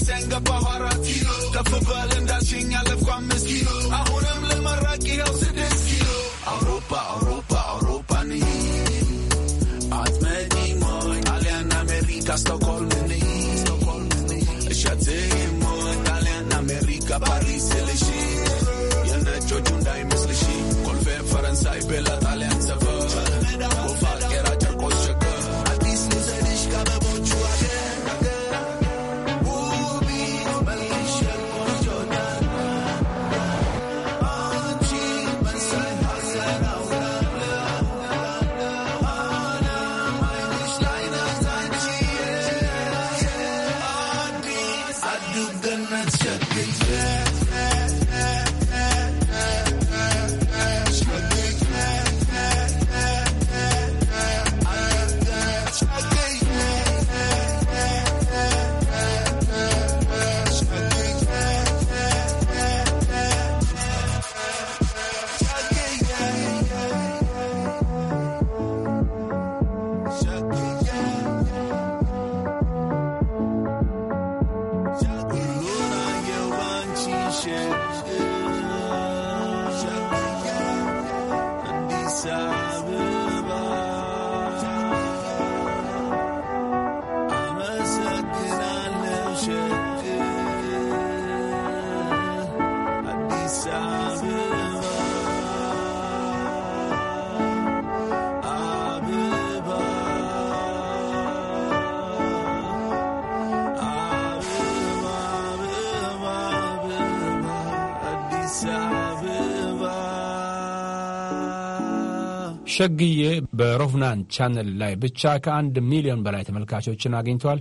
ሲያንገባ አራት ኪሎ ከፍ በል እንዳልሽኝ አለፍኩ አምስት ኪሎ አሁንም ለመራቂ ያው ስድስት ኪሎ አውሮፓ አውሮፓ አውሮፓ ነይ አትመጪም ወይ ጣሊያን አሜሪካ ስቶክሆልም ነይ እሸትም ወይ ጣሊያን አሜሪካ ፓሪስ ልሽ የነጮቹ እንዳይመስልሽ ኮልፌ ፈረንሳይ ቤላት ሸግዬ በሮፍናን ቻነል ላይ ብቻ ከአንድ ሚሊዮን በላይ ተመልካቾችን አግኝቷል።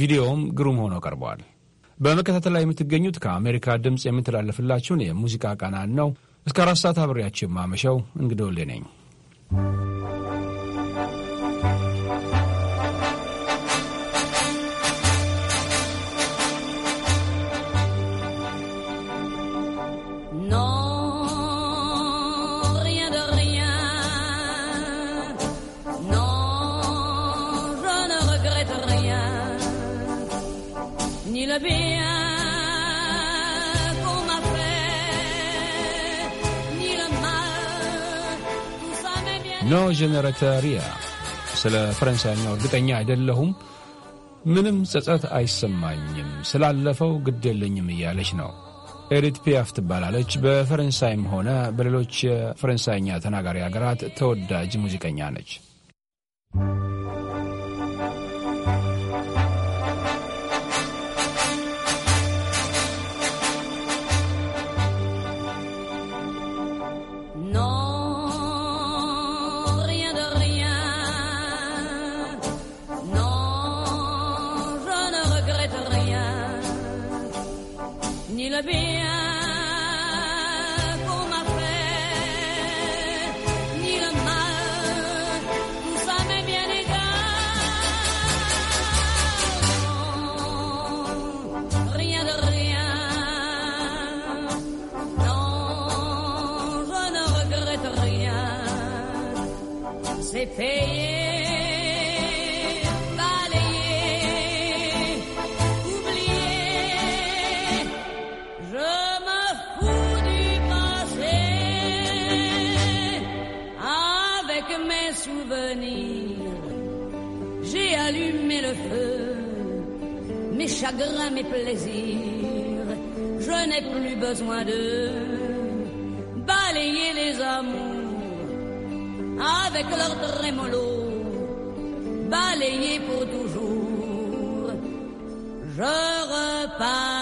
ቪዲዮውም ግሩም ሆኖ ቀርበዋል። በመከታተል ላይ የምትገኙት ከአሜሪካ ድምፅ የምትላለፍላችሁን የሙዚቃ ቃናን ነው። እስከ አራት ሰዓት አብሬያችሁ የማመሸው እንግዶልህ ነኝ። ni la ስለ ፈረንሳይኛ እርግጠኛ አይደለሁም። ምንም ጸጸት አይሰማኝም፣ ስላለፈው ግድ የለኝም እያለች ነው። ኤሪት ፒያፍ ትባላለች። በፈረንሳይም ሆነ በሌሎች የፈረንሳይኛ ተናጋሪ ሀገራት ተወዳጅ ሙዚቀኛ ነች። Fayez, balayer, oublié, je me fous du passé avec mes souvenirs, j'ai allumé le feu, mes chagrins, mes plaisirs, je n'ai plus besoin de balayer les amours avec leur trémolo, balayé pour toujours. Je repars.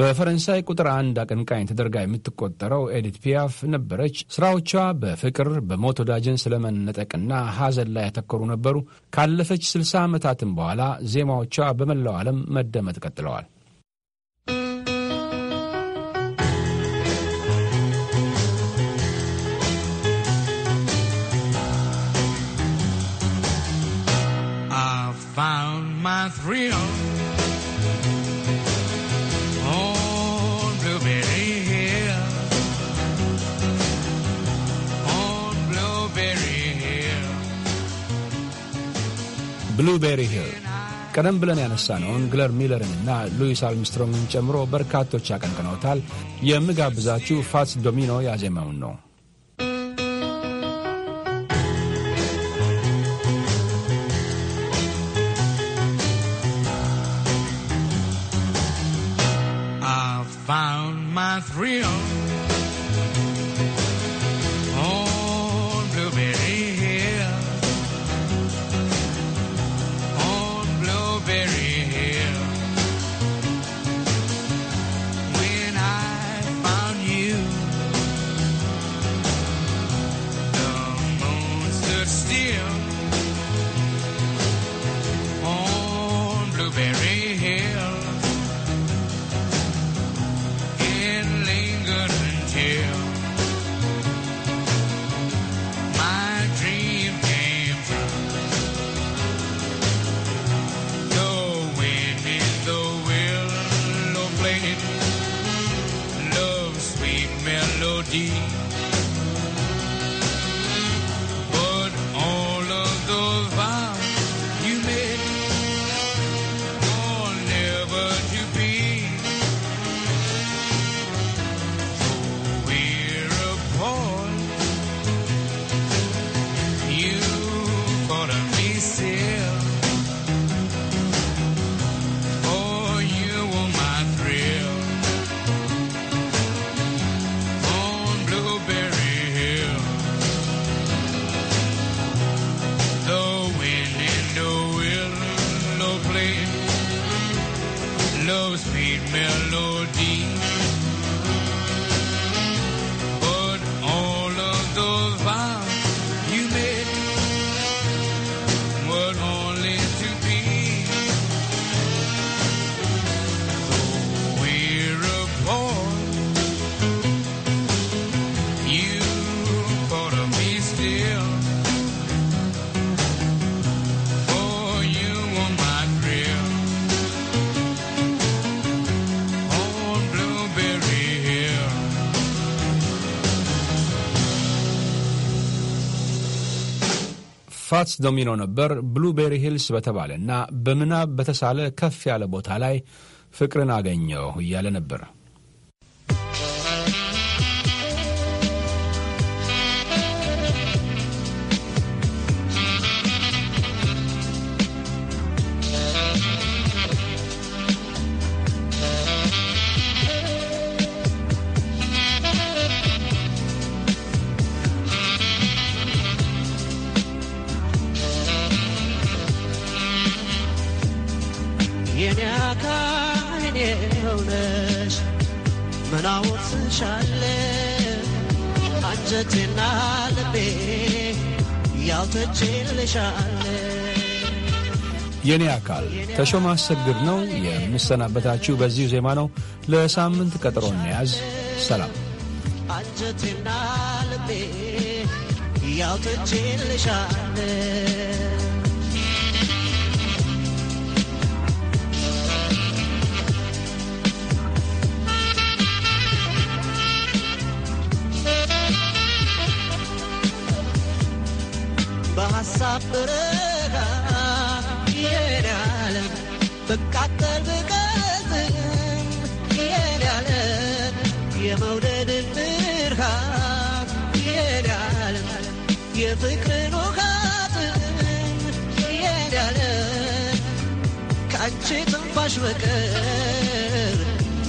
በፈረንሳይ ቁጥር አንድ አቀንቃኝ ተደርጋ የምትቆጠረው ኤዲት ፒያፍ ነበረች። ስራዎቿ በፍቅር በሞት ወዳጅን ስለመነጠቅና ሐዘን ላይ ያተኮሩ ነበሩ። ካለፈች ስልሳ ዓመታትም በኋላ ዜማዎቿ በመላው ዓለም መደመጥ ቀጥለዋል። I found my thrill ብሉቤሪ ሂል ቀደም ብለን ያነሳነውን ግለር ሚለርን እና ሉዊስ አርምስትሮንግን ጨምሮ በርካቶች ያቀንቅነውታል። የምጋብዛችሁ ፋትስ ዶሚኖ ያዜመውን ነው። I found my thrill. deep ፋትስ ዶሚኖ ነበር ብሉቤሪ ሂልስ በተባለና በምናብ በተሳለ ከፍ ያለ ቦታ ላይ ፍቅርን አገኘሁ እያለ ነበር። የኔ አካል ተሾመ አሰግድ ነው የምሰናበታችሁ። በዚሁ ዜማ ነው። ለሳምንት ቀጠሮ እንያዝ። ሰላም አንጀቴና ልቤ ያውትቼልሻለ ሳብረካ የኔ ዓለም ብቃጠል የመውደድ ብርሃን የኔ ዓለም የፍቅርን ውቃትም የኔ ዓለም ከአንቺ ትንፋሽ በቀር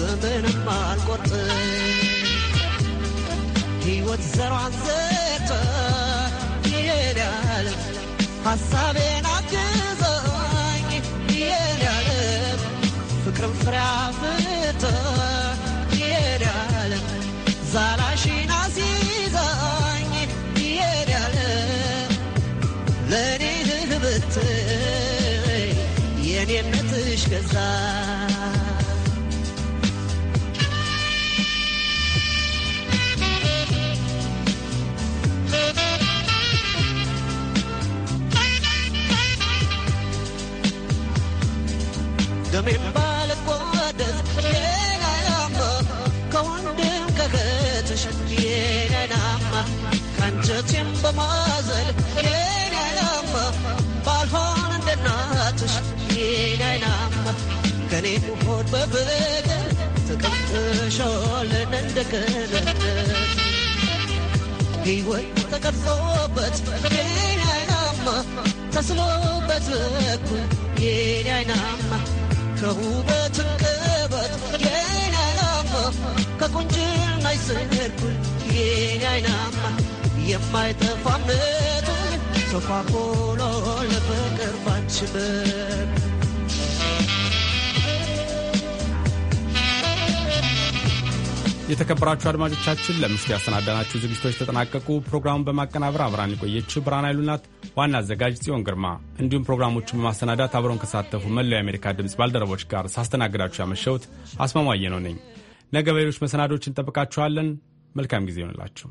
ዘመንም አልቆርጥም ሕይወት ዘሯን ዘርታ ሀሳቤን አግዘኝ ይሄዳለም ፍቅርም ፍሬ አፍርቶ ይሄዳለም ዛላሽን አስይዘኝ ይሄዳለም ለእኔ ማ ከአንጀቴም በማዘል የኔናማ ባልሆን እንደናትሽ የኔናማ ከኔ ሆድ በብገን ተቀምጥሾልን እንደገነት ሕይወት ተቀርጾበት የኔናማ ተስሎበት በኩል የኔናማ ከውበት ቅበት የኔናማ ከቁንጅና ይስርኩል የተከበራችሁ አድማጮቻችን ለምሽቱ ያሰናዳናችሁ ዝግጅቶች ተጠናቀቁ። ፕሮግራሙን በማቀናበር አብራን የቆየችው ብርሃን አይሉናት ዋና አዘጋጅ ጽዮን ግርማ፣ እንዲሁም ፕሮግራሞቹን በማሰናዳት አብረውን ከሳተፉ መላው የአሜሪካ ድምፅ ባልደረቦች ጋር ሳስተናግዳችሁ ያመሸሁት አስማማየ ነው ነኝ። ነገ በሌሎች መሰናዶች እንጠብቃችኋለን። መልካም ጊዜ ይሆንላችሁ።